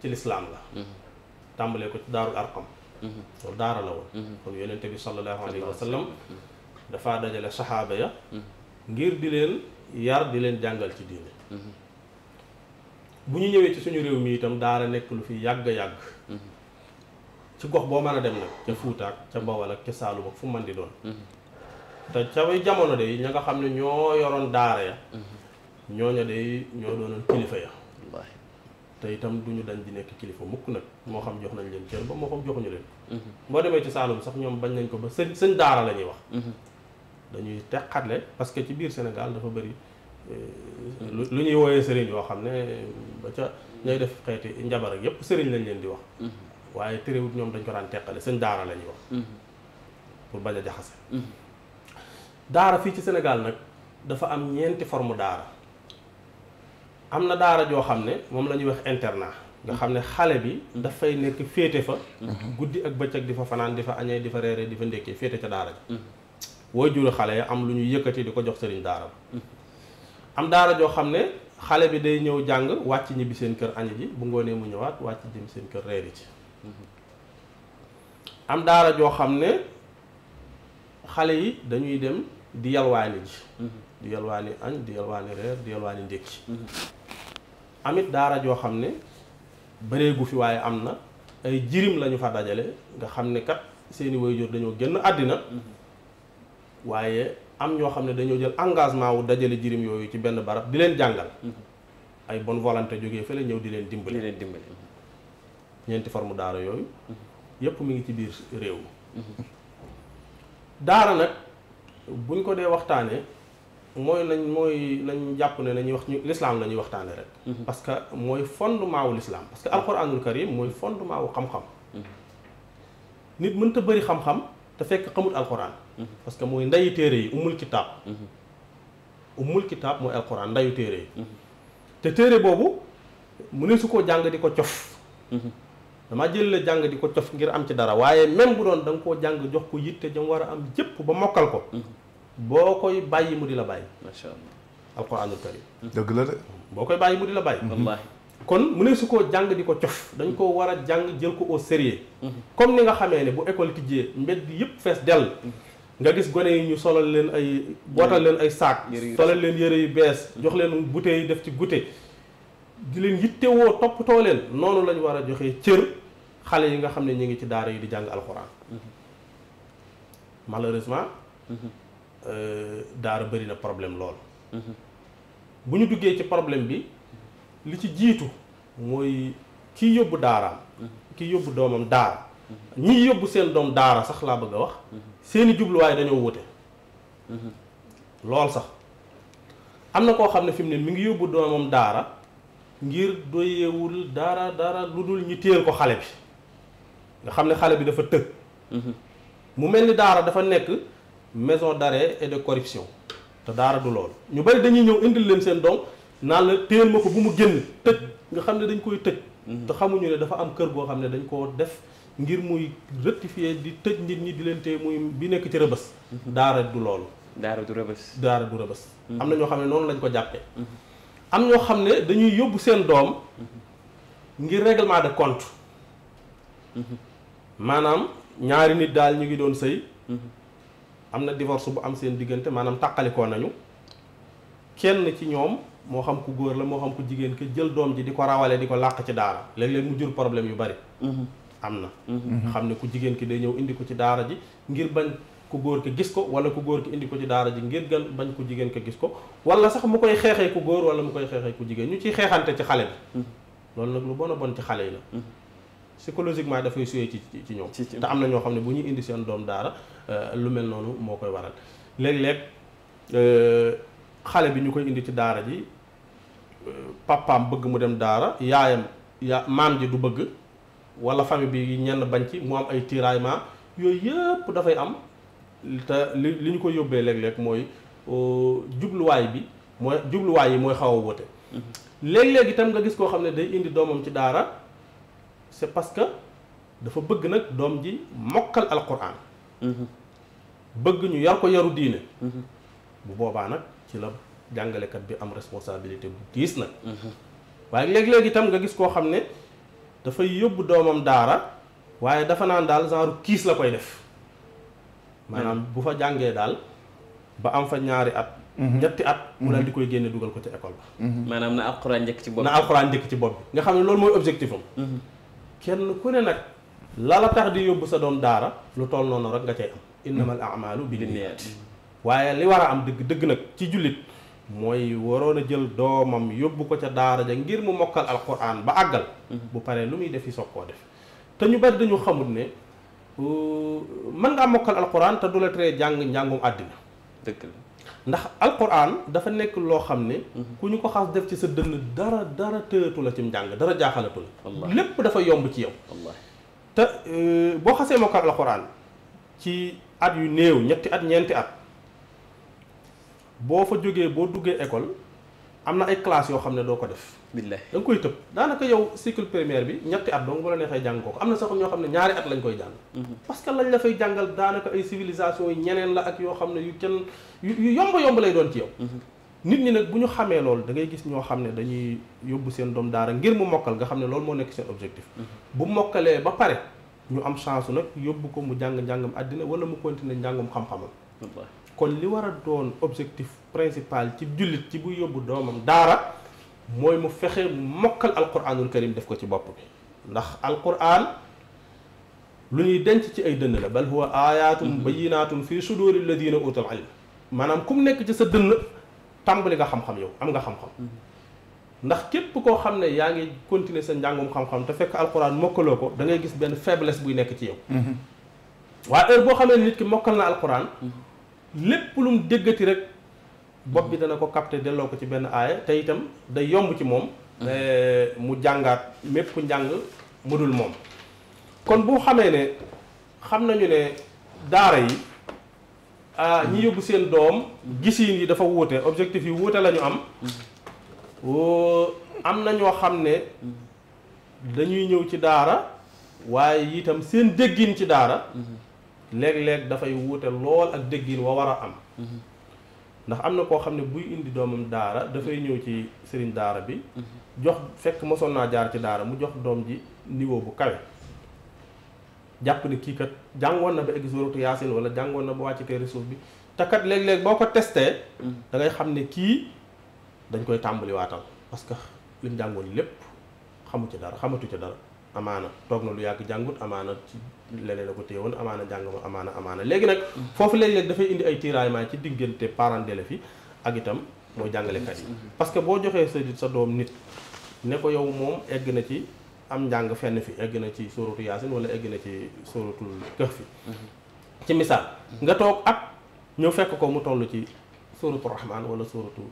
ci lislaam la mm-hmm. tàmbalee ko ci daarul arqam mm-hmm. loolu daara la woon mm-hmm. kon yonente bi sallallahu alayhi wa dafaa dajale saxaaba ya ngir di leen yar di leen jàngal ci diine bu ñu ñëwee ci suñu réew mi itam daara nekk lu fi yàgg-yàgg ci gox boo mën a dem nag ca Fuuta ak ca Bawol ak ca Saalum fu man di doon te ca jamono de ña nga xam ne ñoo yoroon daara ya ñooña de ñoo doonoon kilifa ya te itam du ñu dañ di nekk kilifa mukk nag moo xam jox nañ leen cër ba moo xam ñu leen ko mhm. boo demee ci Saalum sax ñoom bañ nañ ko ba sëñ sëñ daara la ñuy wax mhm. dañuy teqatle parce que ci biir Sénégal dafa bëri euh, mhm. lu ñuy wooyee sëriñ yoo xam ne ba ca ñay def xeeti njabar ak yépp sëriñ lañ leen di wax waaye terewut ñoom dañ ko daan teqale sëñ daara la ñuy wax pour bañ a jaxase daara fii ci Sénégal nag dafa am ñeenti forme daara am na daara joo xam ne moom la ñuy wax internat nga xam ne xale bi dafay nekk féete fa guddi ak bëccëg di fa fanaan di fa añee di fa reeree di fa ndékkee féete ca daara ji waajuru xale yi am lu ñu yëkkati di ko jox seen daara ba am daara joo xam ne xale bi day ñëw jàng wàcc ñibbi seen kër añi ji bu ngoonee mu ñëwaat wàcc jëm seen kër reeri ci am daara joo xam ne xale yi dañuy dem di yalwaani ji di yalwaani añ di yalwaani reer di yalwaani ndékki mhm. amit daara joo xam ne bëreegu fi waaye am na ay jirim lañu fa dajale nga xam ne kat seeni waajur dañoo génn àddina mhm. waaye am ñoo xam ne dañoo jël engagement wu dajale jirim yooyu ci benn barab di leen jàngal mhm. ay bon volonté jógee fële ñëw di leen dimbali leen dimbali ñeenti formu daara yooyu yépp mi ngi ci biir réew mi daara nag buñ ko dee waxtaanee mooy nañ mooy nañ jàpp ne nañuy wax ñu lislaam la ñuy waxtaane rek mhm. parce que mooy fondement wu lislaam parce que mhm. alquranul karim mooy fondement wu xam-xam mhm. nit mënta bëri xam-xam te fekk xamut alquran parce que mooy ndayu téere yi umul kitaab umul kitaab mooy alquran ndayu téere yi te téere boobu mu ne su koo jàng di ko cof dama jël la jàng di ko cof ngir am ci dara waaye même bu doon da nga koo jàng jox ko yitte jam war a am jëpp ba mokkal ko boo koy bàyyi mu di la bàyyi. macha allah alquranul karim. dëgg la de. boo koy bàyyi mu di la bàyyi. wallaahi kon mu ne su koo jàng di ko cof. dañ koo war a jàng jël ko au sérieux mhm. comme ni nga xamee ne bu école tijjee mbedd yëpp fees dell. nga gis gone yi ñu solal leen ay. bootal leen ay saak. solal leen yëre yu bees. jox leen bouteille yi def ci goûter. di leen yittewoo toppatoo leen noonu lañu war a joxee cër xale yi nga xam ne ñu ngi ci daara yi di jàng alxuraan. Mhm. malheureusement. Mhm. Euh, daara bëri na problème lool. Mhm. bu ñu duggee ci problème bi li ci jiitu mooy kii yóbbu daaraam. Mhm. kii yóbbu doomam daara. Mhm. ñii yóbbu seen doom daara sax laa bëgg a wax. seeni jubluwaay dañoo wute. lool sax am na koo xam ne fi mu ne mi ngi yóbbu doomam daara ngir doyewul daara daara lu dul ñu téel ko xale bi nga xam ne xale bi dafa tëg mu mel ni daara dafa nekk. maison d'arrêt et de corruption te daara du loolu ñu bari dañuy ñëw indil leen seen doom naan la téyel ma ko bu mu génn tëj nga xam ne dañ koy tëj mhm. te xamuñu ne dafa am kër goo xam ne dañ ko def ngir muy rectifier di tëj nit ñi di leen téye muy bi nekk ci rëbës mhm. daara du loolu daara du rëbës daara du rëbës mhm. am na ñoo xam ne noonu lañ ko jàppee am ñoo xam ne dañuy yóbbu seen doom ngir règlement de conte maanaam ñaari nit daal ñu ngi doon sëy am na divorce bu am seen diggante maanaam tàqalikoo nañu kenn ci ñoom moo xam ku góor la moo xam ku jigéen ki jël doom ji di ko rawale di ko làq ci daara léeg leen mu jur problème yu bari mhm. am na mhm. xam ne ku jigéen ki day ñëw indi ko ci daara ji ngir bañ ku góor ki gis ko wala ku góor ki indi ko ci daara ji ngir gan bañ ku jigéen ko gis ko wala sax mu koy xeexee ku góor wala mu koy xeexee ku jigéen ñu ciy xeexante ci xale bi mhm. loolu nag lu bon a bon ci xale yi la psychologiquement dafay suyee ci ci ñoom te am na ñoo xam ne bu ñuy indi seen doom daara Euh, lu mel noonu moo koy waral léeg-léeg euh, xale bi ñu koy indi ci daara ji euh, papaam bëgg mu dem daara yaayam ya maam ji du bëgg wala famille bi ñenn bañ ci mu am ay tiraillement yooyu yëpp dafay am te li ñu ko yóbbee léeg-léeg mooy jubluwaay bi mooy jubluwaay yi mooy xaw a wute mm-hmm. léeg-léeg itam nga gis koo xam ne day indi doomam ci daara c'est parce que dafa bëgg nag doom ji mokkal alquran bëgg ñu yar ko yaru diine mhm. bu boobaa nag ci la jàngalekat bi am responsabilité bu diis nag mhm. waaye léeg-léeg itam nga gis koo xam ne dafay yóbbu doomam daara waaye dafa naan daal genre kiis la koy def maanaam mhm. bu fa jàngee daal ba am fa ñaari at ñetti at mu daal di koy génne dugal ko ci école ba maanaam na alxuraan njëkk ci bopp na ci bopp bi nga xam ne loolu mooy objectif am kenn ku ne nag lala tax di yóbbu sa doon daara lu toll noonu rek nga cay am innamal amalu bi linniyaat waaye li war a am dëgg dëgg nag ci jullit mooy waroon a jël doomam yóbbu ko ca daara ja ngir mu mokkal alquran ba àggal mhm. bu paree lu muy def yi soog def te ñu bari dañu xamut ne euh, mën ngaa mokkal alquran te du la teree jàng njàngum àddina dëgg la ndax alquran dafa nekk loo xam ne mhm. ku ñu ko xas def ci sa dënn dara dara tëyatu la ci njàng dara jaaxalatu la lépp dafa yomb ci yow te euh, boo xasee mokkal alxuraan ci at yu néew ñetti at ñeenti at boo fa jógee boo duggee école am na ay classes yoo xam ne doo ko def. billaay da nga koy tëb daanaka yow cycle primaire bi ñetti at dong wala neexee jàng ko am na sax ñoo xam ne ñaari at lañ koy jàng. Mhm. parce que lañ dafay fay jàngal daanaka ay civilisation yi ñeneen la ak yoo xam ne yu kenn yu yomb yomb lay doon ci yow. Mhm. nit ñi nag bu ñu xamee loolu da ngay gis ñoo xam ne dañuy yóbbu seen doom daara ngir mu mokkal nga xam ne loolu moo nekk seen objectif mhm. bu mokkalee ba pare ñu am chance nag yóbbu ko mu jàng njàngam àddina wala mu continuer njàngum xam-xamam kon li war a doon objectif principal ci jullit ci bu yóbbu doomam daara mooy mu fexe mokkal alquranul karim def ko ci bopp bi ndax alquran lu ñuy denc ci ay dënn la bal huwa ayatum mhm. bayinatum fi suduri alladina utul ilm maanaam ku nekk ci sa dënn tàmbali nga xam-xam yow am nga xam-xam mm-hmm. ndax képp koo xam ne yaa ngi continuer sa njàngum xam-xam te fekk alxuraan mokkaloo ko da gis benn faiblesse buy nekk ci yow mm-hmm. waaye heure boo xamee nit ki mokkal na alxuraan mm-hmm. lépp lu mu déggati rek bopp bi dana ko capté delloo ko ci benn aaya te itam day yomb ci moom eh, mu jàngaat mépp njàng mu dul moom kon boo xamee ne xam nañu ne daara yi Ah, ñi yóbbu seen doom gisiin yi dafa wuute objectif yi wuute lañu am oh, am na ñoo xam ne dañuy ñëw ci daara waaye itam seen déggin ci daara léeg-léeg dafay wuute lool ak déggin wa war a am ndax am na koo xam ne buy indi doomam daara dafay ñëw ci sëriñ daara bi jox fekk mosoon naa jaar ci daara mu jox doom ji niveau bu kawe jàpp ne kii kat jàngoon na ba egg yaasin wala jàngoon na ba wàcc téere suuf bi takkat kat léeg-léeg boo ko testee mm. da ngay xam ne kii dañ koy tàmbali waatal parce que li mu jàngoon lépp xamu ci dara xamatu ci dara amaana toog na lu yàgg jàngut amaana ci leneen a ko téye woon amaana jàng ma amaana amaana léegi nag mm. foofu léeg-léeg dafay indi ay tiraillement ci diggante parents d'élèves yi ak itam mooy jàngalekat yi mm. parce que boo joxee sa sa doom nit ne ko yow moom egg na ci am njàng fenn fi egg na ci sóoratu yaasin wala egg na ci sóoratul kahfi mhm. ci misaal nga toog at ñëw fekk ko mu toll ci sóoratu rahman wala sóoratu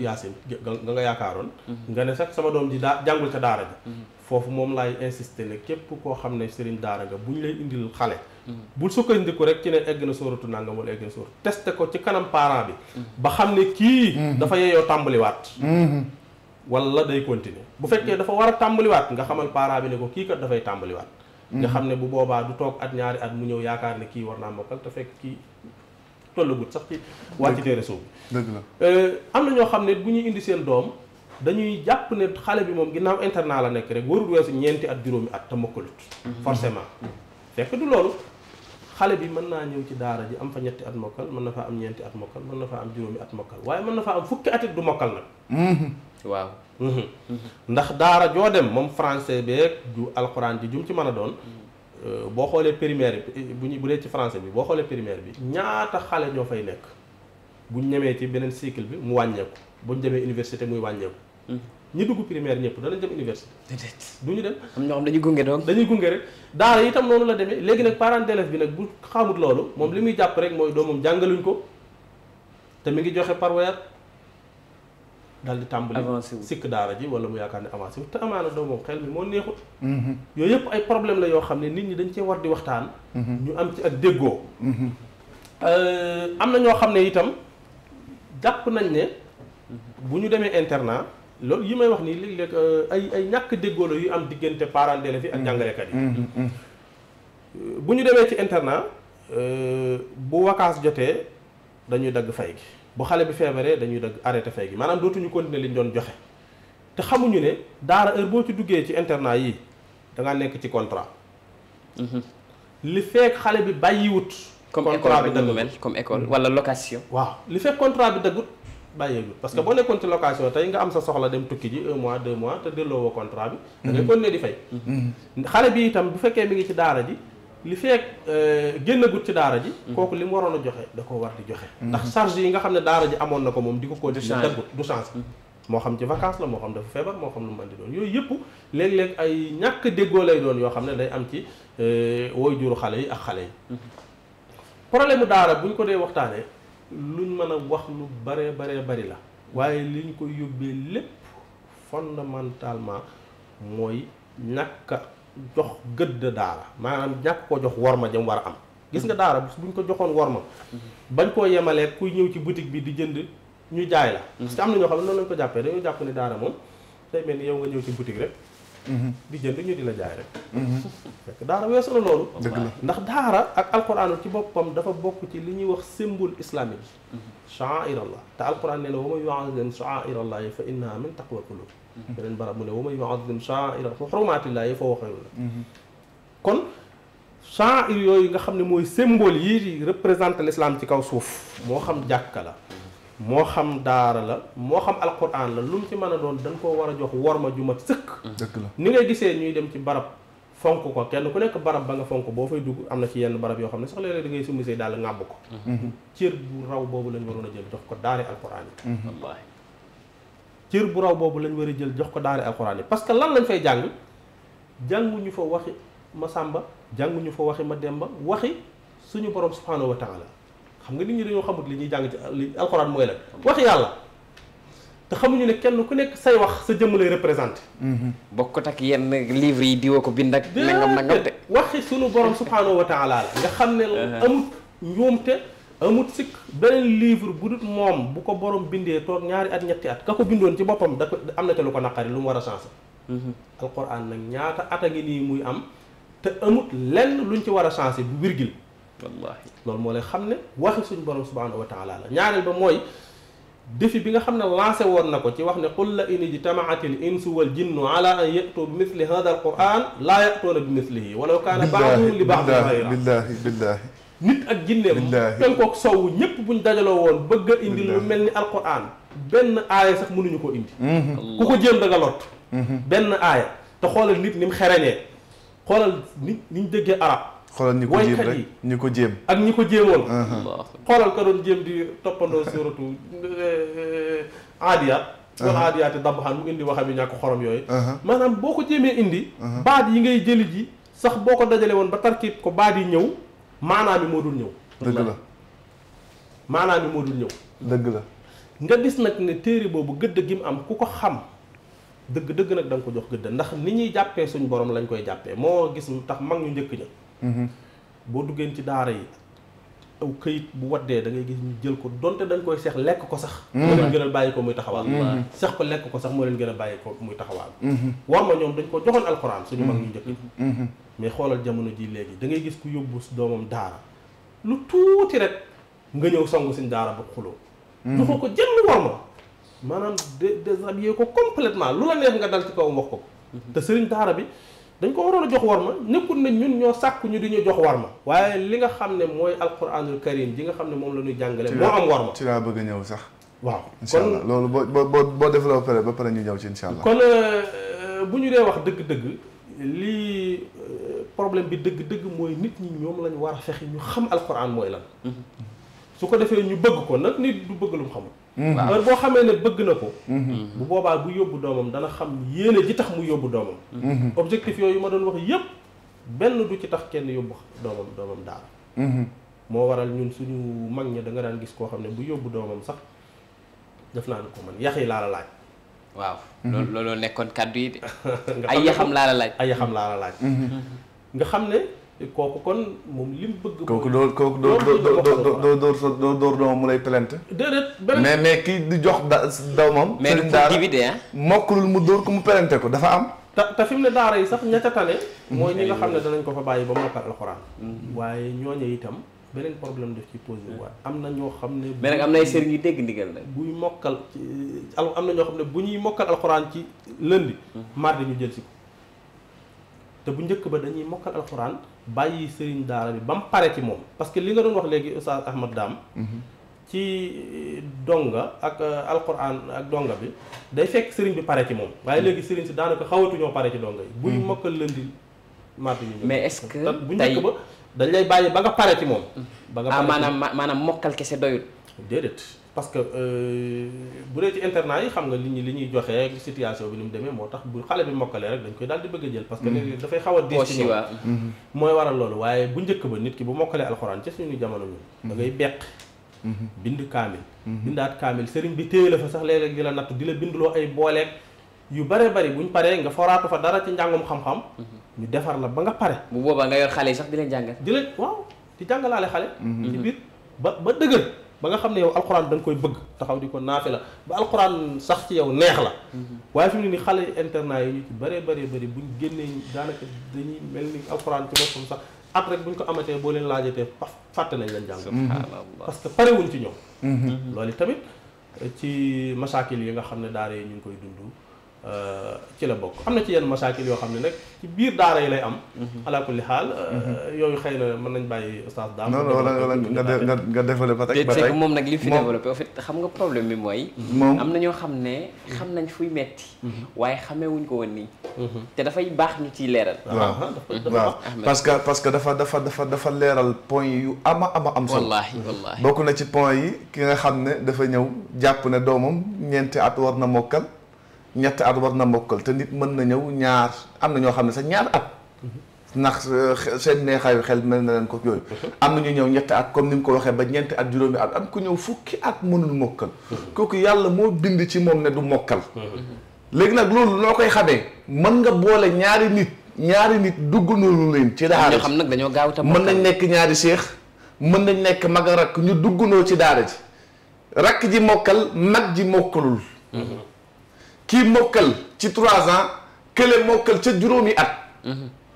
yaasin nga nga yaakaaroon mhm. nga ne sax sama doom ji daa jàngul ca daara bi mhm. foofu moom laay insister ne képp koo xam ne sëriñ daara nga bu ñu lay indil xale bul sukkandiku rek ci ne egg na sóoratu nangam wala egg na sóoratu testé ko ci kanam parent bi ba xam ne kii dafa yeyoo tàmbaliwaat wala day continuer bu fekkee dafa war a tàmbaliwaat nga xamal parent bi ne ko kii kat dafay tàmbaliwaat mm. nga xam ne bu boobaa du toog at ñaari at mu ñëw yaakaar ne kii war naa mokkal te fekk kii tollagut sax ci wàcc téere suuf dëgg la euh, am na ñoo xam ne bu ñuy indi seen doom dañuy jàpp ne xale bi moom ginnaaw internat la nekk rek warul weesu ñeenti at juróomi at te mokkalut mm-hmm. forcément mm-hmm. fekk du loolu xale bi mën naa ñëw ci daara ji am fa ñetti at mokkal mën na faa am ñeenti at mokkal mën na faa am juróomi at mokkal waaye mën na faa am fukki at it du mm-hmm. waaw ndax daara joo dem moom français beeg ju alxuraan ji jum ci man a doon. Euh, boo xoolee primaire bi bu ñu bu dee ci français bi boo xoolee primaire bi ñaata xale ñoo fay nekk bu ñu ñemee ci beneen cycle bi mu wàññeeku bu ñu demee université muy wàññeeku. ñi dugg primaire ñëpp danañ dem université. du ñu dem. am ñoo xam dañuy gunge donc. dañuy gunge rek daara itam noonu la demee léegi nag parent d'élève bi nag bu xamut loolu moom li muy jàpp rek mooy doomam jàngaluñ ko te daal di tàmbali sikk daara ji wala mu yaakaar ne avancé wu te amaana doo moom xel mi moo neexut mhm. yooyu yëpp ay problème la yoo xam ne nit ñi dañ cee war di waxtaan mhm. ñu am ci ak déggoo mhm. euh, am na ñoo xam ne itam jàpp nañ ne bu ñu demee internat loolu yi may wax nii léeg-léeg euh, ay ay ñàkk déggoo la yu am diggante parents d'élèves yi ak jàngalekat yi euh, bu ñu demee ci internat bu wakaas jotee dañuy dagg fay gi bu xale bi feebaree dañuy dëgg arrêté fay gi maanaam dootuñu continuer liñ doon joxe te xamuñu ne daara heure boo ci duggee ci internat yi da nekk ci contrat. Mhm. li fekk xale bi bàyyiwut. comme école bi dëgg mel comme école mhm. wala location. waaw li fekk contrat bi dëggut bàyyeegul parce que mhm. boo nekkoon ci location tey nga am sa soxla dem tukki ji un mois deux mois te delloo woo contrat bi. da ngay continuer di fay. xale bi itam bu fekkee mi ngi ci daara ji. li feek euh, génnagut ci daara ji mm-hmm. kooku li mu waroon a joxe da koo war di joxe mm-hmm. ndax sarge yi nga xam ne daara ji amoon na ko moom di ko continuer daggut du chance mm-hmm. moo xam ci vacance la moo xam dafa feebar moo xam lu mu mën di doon yooyu léeg ay ñàkk déggoo lay doon yoo xam ne day am ci euh, woy juru xale yi ak xale yi problème mu daara buñ ko dee waxtaanee luñ mën a wax lu baree baree bari la waaye liñ ko yóbbee lépp fondamentalement mooy ñàkk jox gëdd daara maanaam ñàkk ko jox worma jëm war a am gis nga daara buñ ko joxoon worma bañ koo yemalee kuy ñëw ci boutique bi di jënd ñu jaay la parce am na ñoo xam ne noonu lañ ko jàppee dañoo jàpp ni daara moom day mel ni yow ñëw ci boutique rek mhm. di jënd ñu di la jaay rek mhm. fekk daara weesu la loolu ndax daara ak alquran ci boppam dafa bokk ci li ñuy wax symbole islamique mhm. sha'airallah te alquran nee na wa man yu'azzim sha'airallah fa innaha min taqwa qulub beneen barab mu ne wa man yuazim sha'ira hurumatillahi fa huwa khayrun kon sha'ir yooyu nga xam ne mooy symbole yi représenté l'islam ci kaw suuf moo xam jàkka la moo xam daara la moo xam alquran la lu mu ci mën a doon dañ koo war a jox worma ju mat sëkk dëgg la ni ngay gisee ñuy dem ci barab fonk ko kenn ku nekk barab ba nga fonk boo fay dugg am na ci yenn barab yoo xam ne sax léeg-léeg da ngay sumisee daal ngàbb ko mhm. cër bu raw boobu lañ waroon a jël jox ko daare alquran yi mhm. cër bu raw boobu lañ war a jël jox ko daara alxuraan yi parce que lan lañ fay jàng jànguñu fa waxi ma sàmba jànguñu fa waxi ma demba waxi suñu borom subhanahu wa taala xam nga nit ñi li ñuy jàng ci li alxuraan mooy lan waxi xamuñu ne kenn ku nekk say wax sa jëmm lay représenté mhm. bokkut ak yenn livre yi diwa ko bind ak nangam nangam te waxi suñu borom subhanahu wa taala la nga xam ne uh-huh. amut njuumte amut sikk beneen livre bu dul moom bu ko borom bindee toog ñaari at ñetti at ka ko bindoon ci boppam da ko am na ca lu ko naqari lu mu war a changé mhm. alquran nag ñaata at a ngi nii muy am te amut lenn luñ ci war a changé bu virgule wallahi loolu moo lay xam ne waxi suñ borom subhanahu wa taala la ñaareel ba mooy défi bi nga xam ne lancé woon na ko ci wax ne qul la in ijtamaatil insu wal jinnu ala an yatu bi kaana baaduhum li baadin xayra billahi billahi nit ak ginneem penkook sowwu ñépp buñ dajaloo woon bëgg a indi lu mel ni alquran benn aaya sax mënuñu ko indi mhm. ku ko jéem da nga lot mhm. benn aaya te xoolal nit ni mu xereñee xoolal nit ni ñu déggee arab xoolal ñi ko jéem rek ñi ko jéem ak ñi ko jéemoon mhm. xoolal ka doon jéem di toppandoo suratu eh, eh, aadiyaat wal aadiyaati dabhan mu indi waxam yi ñàkk xorom yooyu maanaam boo ko jéemee indi baat yi ngay jëli ji sax boo ko dajale woon ba tarkib ko baat yi ñëw maanaam yi moo dul ñëw. dëgg la maanaam yi moo dul ñëw. dëgg la. nga gis nag ni téere boobu gëdd gi mu am ku ko xam dëgg dëgg nag da ko jox gëdd ndax ni ñuy jàppee suñu borom lañ koy jàppee moo gis tax mag ñu njëkk ña. Mm-hmm. boo duggeen ci daara yi aw kayit bu waddee da ngay gis ñu jël ko donte dañ koy seex lekk ko sax. Mm-hmm. moo leen gën a bàyyi ko muy taxawaal. Mm-hmm. seex ko lekk ko sax moo leen gën a bàyyi ko muy taxawaal. war ma ñoom dañ ko joxoon alxuraan suñu mag ñu njëkk mais xoolal jamono ji léegi dangay ngay gis ku yóbbu doomam daara lu tuuti rek nga ñëw songu suñ daara ba xuloo joxoo mm-hmm. ko jënd war ma maanaam déshabillé ko completement lu la neex nga dal ci kaw wax ko mm-hmm. te sëriñ daara bi dañ ko waroon a jox war ma nekkul ne ñun ñoo sàkk ñu di ñu jox war ma waaye li nga xam ne mooy alquranul karim ji nga xam ne moom la ñuy jàngale moo am war ma ci laa bëgg a ñëw sax waaw kon loolu boo boo boo développé ba pare ñu ñëw ci incha allah euh, bu ñu dee wax dëgg-dëgg lii problème bi dëgg-dëgg mooy nit ñi ñoom lañu war a fexe ñu xam alxuraan mooy la mhm. su ko defee ñu bëgg ko nag nit du bëgg lu mu xamul. Mhm. waaw boo xamee ne bëgg na ko. Mhm. bu boobaa bu yóbbu doomam dana xam yéene ji tax mu yóbbu doomam. objectif yooyu ma doon wax yëpp benn du ci tax kenn yóbbu doomam doomam daal. moo waral ñun suñu mag ña da nga daan gis koo xam ne bu yóbbu doomam sax def naa ne ko man yax yi laa waaw. loolu looloo nekkoon kàddu yi de. ay yaxam laa laaj. ay yaxam laa nga xam ne kooku kon moom lim bëgg. kooku doo kooku doo doo doo doo doo doomam mu lay plainte. déedéet beneen mais mais kii di jox da doomam. mais du productivité mokkulul mu dóor ko mu plainte ko dafa am. te te fi mu ne daara yi sax ña ca tane. Mm-hmm. mooy ñi nga xam ne danañ ko fa bàyyi ba mokkal alxuraan. Mm-hmm. waaye ñooñu itam beneen problème daf ci posé waat am na ñoo xam ne. mais nag am na ay sëriñ yu dégg ndigal nag. buy mokkal ci am na ñoo xam ne bu ñuy mokkal alxuraan ci lundi. Mm-hmm. mardi ñu jël si ko. te bu njëkk ba dañuy mokkal alxuraan bàyyi sëriñ daara bi ba mu paree ci moom parce que li nga doon wax léegi Oustaz Ahmad Dame mhm. ci donga ak euh, alquran ak donga bi day fekk sëriñ bi pare ci moom waaye mhm. léegi sëriñ si daanaka xawatuñoo pare ci donga yi buy mhm. mokkal lëndi matt yi mais est-ce que bu njëkk ba dañ lay bàyyi ba nga paree ci moom ba nga ah, maanaam maanaam mokkal kese doyul déedéet parce que euh, bu dee ci internat yi xam nga li ñu li ñuy joxe ak situation bi ni mu demee moo tax bu xale bi mokkalee rek dañ koy daal di bëgg jël parce que mm-hmm. léegi dafay xaw a ci mm-hmm. mooy waral loolu waaye bu njëkk ba nit ki bu mokkalee alxuraan ci suñu jamono bi da ngay mm-hmm. beq bind kaamil bindaat kaamil sëriñ bi téye la fa sax léeg-léeg la nattu di la binduloo ay booleeg yu bare bari buñ paree nga foraatu fa dara ci njàngum xam-xam ñu defar la ba nga pare bu boobaa nga yor xale yi sax di leen jàngal di leen waaw di jàngalaale xale ci biir ba ba dëgër ba nga xam ne yow alxuraan da nga koy bëgg taxaw di ko naafe la ba alxuraan sax ci yow neex la mhm. waaye fi mu ne ni xale internat yi ñu ci bëree bëree bëri buñ génnee daanaka dañuy mel ni alxuraan ci boppam sax at rek buñ ko amatee boo leen laajatee fàtte nañ leen jàng mhm. parce que parewuñ ci ñoom mhm. loolu tamit ci masaakil yi nga xam ne daara yi ñu ngi koy dund Euh, ci la bokk am na ci yenn masaakil yoo xam ne nag ci biir daara yi lay am. Mhm. ala kulli xaal. Euh, mhm. yooyu xëy na mën nañ bàyyi oustaz daam. non non wala nga nga nga développé ba tey moom nag li fi développé en xam nga problème bi mooy. Mhm. moom am na ñoo xam ne xam nañ fuy metti waaye xamee wuñ ko woon nii. te dafay baax ñu ciy leeral. waa ah, waaw parce que parce que dafa dafa dafa dafa leeral point yu ama ama am solo. wallaahi wallaahi bokk na ci point yi ki nga xam ne dafa ñëw jàpp ne doomam ñeenti at war na mokkal. ñetti at war na mokkal te nit mën na ñëw ñaar am na ñoo xam ne sax ñaar at ndax eh, seen neexaayu xel mel na leen ko yooyu am na ñu ñëw ñetti at comme ni mu ko waxee ba ñeenti at juróomi at am ku ñëw fukki ak mënul mokkal kooku yàlla moo bind ci moom ne du mokkal léegi nag loolu loo koy xamee mën nga boole ñaari nit ñaari nit dugg noonu leen ci daara ñoo xam nag dañoo gaaw tam mën nañ nekk ñaari seex mën nañ nekk mag a rakk ñu duggandoo ci daara ji rakk ji mokkal mag ji mokkalul kii mokkal ci trois ans kële mokkal ca juróomi at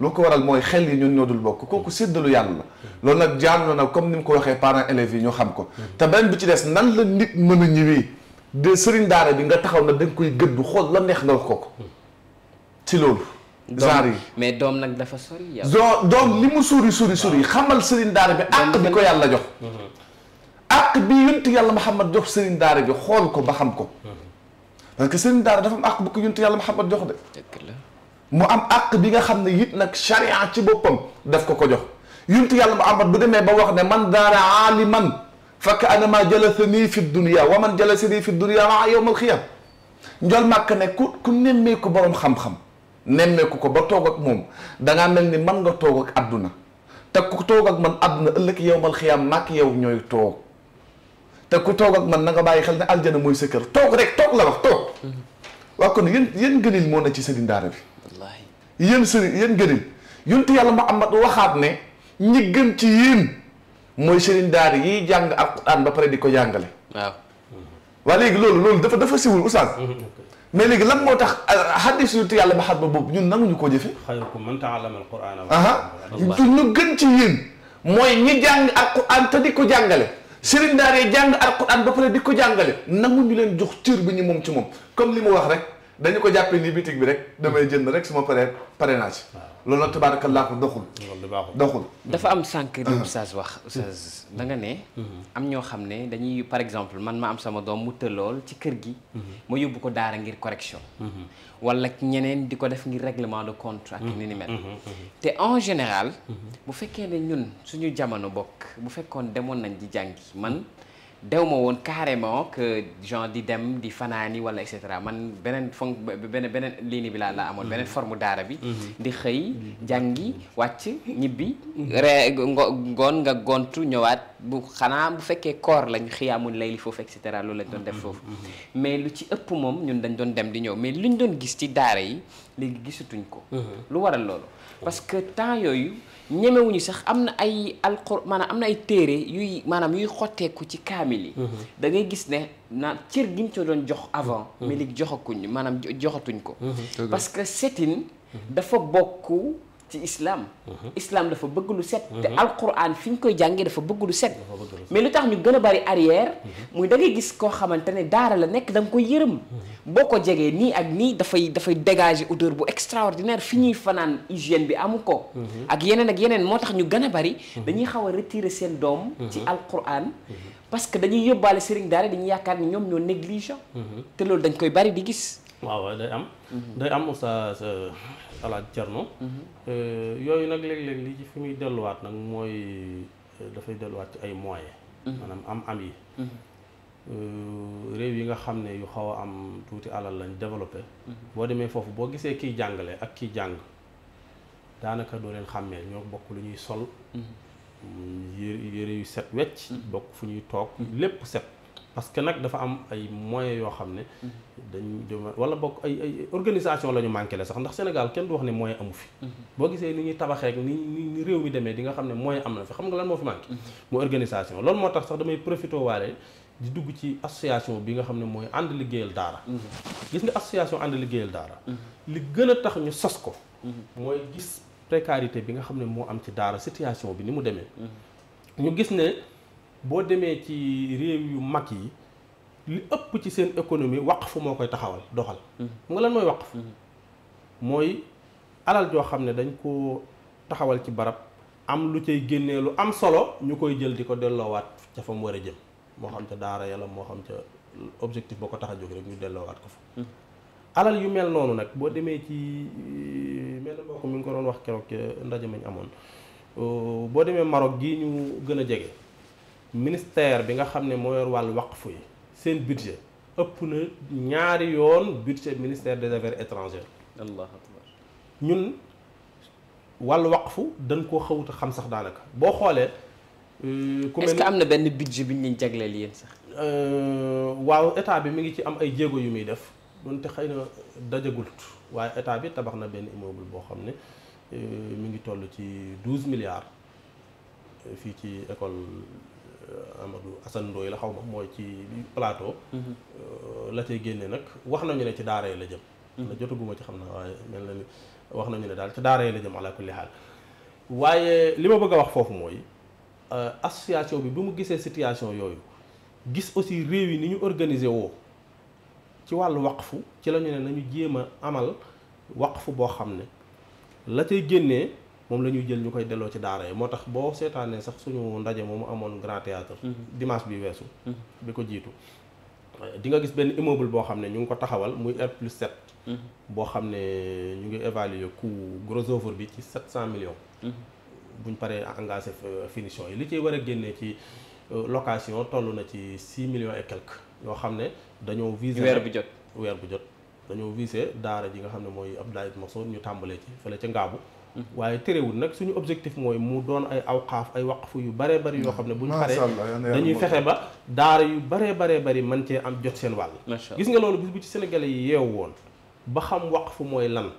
loo ko waral mooy xel yi ñun ñoo dul bokk kooku séddalu yàlla la loolu nag jaanu na comme ni mu ko waxee parents élèves yi ñoo xam ko te beneen bi ci des nan la nit mën a ñëwee de sëriñ daara bi nga taxaw na da koy gëddu xool la neex nga wax ko ci loolu genre yi mais doom nag dafa sori yàlla doom li mu suuri suuri suuri xamal sëriñ daara bi àq bi ko yàlla jox mhm. àq bi yonent yàlla ma xam na jox sëriñ daara bi xool ko ba xam ko mhm. parce que sëriñ daara dafa am àq bu ko yonent yàlla Muhammad jox de. mu am àq bi nga xam ne it nag charia ci boppam daf ko ko jox yonent yàlla Muhammad bu demee ba wax ne man daara aaliman fa ka annama jalasanii fi dunya wa man jalasanii fi dunya maa yawmal xiyaam njol màkk ne ku ku nemmeeku borom xam-xam nemmeeku ko ba toog ak moom dangaa mel ni man nga toog ak adduna te ku toog ak man adduna ëllëg yawmal xiyaam màkk yow ñooy toog. te ku toog man na nga bàyyi xel ne aljana mooy sa kër toog rek toog la wax toog waa kon yéen yéen gënil moo na ci sëriñ daara bi wallaahi yéen sëriñ yéen gënil yuntu yàlla Muhammad waxaat ne ñi gën ci yéen mooy sëriñ daara yiy jàng ba pare di ko jàngale waaw loolu loolu dafa dafa siwul oustaz mais léegi lan moo tax euh, hadis yuntu yàlla Muhammad boobu ñun ñu koo jëfe xayrukum man ta al alquran aha ñu gën ci yéen mooy ñi jàng alquran te di ko jàngale sëriñ daara yi jàng alquran ba pare di ko jàngale nangu ñu leen jox cër bu ñu moom ci moom comme li mu wax rek dañu ko jàppee ni bitig bi rek damay jënd rek suma paree parrainage. loolu nag tabaarakallaa ko doxul. doxul. dafa am sànq li uh-huh. Oustaz wax Oustaz uh-huh. da nga ne. Uh-huh. am ñoo xam ne dañuy par exemple man ma am sama doom mu lool ci kër gi. ma yóbbu ko daara ngir correction. wala ñeneen di ko def ngir règlement de compte ak ni ni te en général. bu fekkee ne ñun suñu jamono bokk bu fekkoon demoon nañ di jàngi man. dew ma woon carrément que genre di dem di fanaani wala et cetera man beneen fonk beneen beneen ligne bi laa la amoon beneen mhm. forme daara bi mhm. di xëy mhm. jàngi wàcc ñibbi re ngoon nga gontu ñëwaat bu xanaa bu fekkee koor lañ xiyaamuñ layli foofu et cetera loolu lañ doon def foofu mais lu ci ëpp moom ñun dañ doon dem di ñëw mais luñ doon gis ci daara yi léegi gisatuñ ko lu waral loolu parce que temps yooyu ñemewuñu sax am na ay alqur maanaam am na ay téere yuy maanaam yuy xotteeku ci kaamil yi mhm. da ngay gis ne naa cër gi ñu ko doon jox avant mhm. mais léegi joxakuñ maanaam joxatuñ ko mhm. parce que setin dafa bokk ci islaam mhm. islaam dafa bëgg lu set. te mhm. alquran fi ñu koy jàngee dafa bëgg lu set. mais lu tax ñu gën a bari arrière. Mhm. muy da gis koo xamante ne daara la nekk da nga koy yërëm. boo ko jegee nii ak nii dafay dafay dégager odeur bu extraordinaire fi ñuy fanaan hygiène bi amu ko. ak yeneen ak yeneen moo tax ñu gën a bari. dañuy xaw a retirer seen doom. ci alquran. parce que dañuy yóbbaale sëriñ daara dañuy yaakaar ni ñoom ñoo négligent. te loolu dañ koy bari di gis. waaw am. day am euh, alaaj Cerno mhm. euh, yooyu nag léeg-léeg fi muy delluwaat nag mooy euh, dafay delluwaat ci ay moyens mhm. maanaam am am yi mhm. euh, réew yi nga xam ne yu xaw a am tuuti alal lañ développé boo demee foofu boo gisee kiy jàngale ak kiy jàng daanaka doo leen xàmmee ñoo bokk lu ñuy sol yére yére yu set wecc bokk fu ñuy toog lépp set parce que nag dafa am ay moyens yoo xam ne dañu mhm. dañ wala bokk ay ay organisation la ñu manqué la sax ndax Sénégal kenn du wax ne mooy amu fi mhm. boo gisee ni ñuy tabaxee ak ni ni réew mi demee di nga xam ne moyen am na fi xam nga lan moo fi manqué mu mhm. organisation loolu moo tax sax damay profité waale di dugg ci association bi nga xam ne mooy ànd liggéeyal daara gis nga association ànd liggéeyal daara li gën a tax ñu sos ko mooy gis précarité bi nga xam ne moo am ci daara situation bi ni mu demee ñu gis ne boo demee ci réew yu mag yi li ëpp ci seen économie fu moo koy taxawal doxal. mu mhm. nga lan mooy fu mhm. mooy alal joo xam ne dañ koo taxawal ci barab am lu cay génnee lu am solo ñu koy jël di ko delloowaat ca fa mu war a jëm moo xam ca daara yalla moo xam ca objectif ba ko tax a rek ñu delloowaat ko fa. Mhm. alal yu mel noonu nag boo demee ci eh, mel na ko mu ngi ko doon wax keroog eh, ndaje mañ amoon oh, boo demee Maroc gii ñu gën a jege. ministère bi nga xam ne moo yor wàllu waqfu yi seen budget ëpp na ñaari yoon budget ministère des affaires étrangères. allah akbar ñun wàll waqfu dañ koo xawut a xam sax daanaka boo xoolee. Euh, ku mel est am na benn budget bi ñu leen jagleel yéen sax. Euh, waaw état bi mi ngi ci am ay jéego yu muy def donte xëy na dajagulut waaye état bi tabax na benn immeuble boo xam ne euh, mi ngi toll ci douze milliards fii ci école. Euh, Amadou Assane yi la xaw ma mooy ci plateau. Mhm. Euh, la cay génne nag wax nañu ne ci daara yi la jëm. la mhm. jotaguma ci xam na waaye mel na ni wax nañu ne daal ci daara yi la jëm ala kulli xaal waaye li ma bëgg a wax foofu mooy euh, association bi bi mu gisee situation yooyu gis aussi réew yi ni ñu organiser woo ci wàllu waqfu ci lañu ne nañu jéem a amal waqfu boo xam ne la cay génnee. moom la ñuy jël ñu koy delloo ci daara yi moo tax boo seetaanee sax suñu ndaje mu amoon grand théâtre mhm. dimanche bi weesu mhm. bi ko jiitu di nga gis benn immeuble boo xam ne ñu ngi ko taxawal muy R plus mhm. boo xam ne ñu ngi évaluer coût gros œuvre bi ci 700 millions buñ paree engagé euh, finition yi li ciy war a génnee ci euh, location toll na ci 6 millions et quelques yoo xam ne dañoo visé weer bu jot weer bu jot dañoo visé daara ji nga xam ne mooy Abdoulaye Massoud ñu tàmbalee ci fële ci Ngaabu Mm-hmm. waaye terewul nag suñu objectif mooy mu doon ay xaaf ay waqfu yu baree bari yoo xam ne buñ paree dañuy fexe ba daara yu baree baree bari man cee am jot seen wàll gis nga loolu bi bu ci sénégalais yi yeew woon ba xam fu mooy lan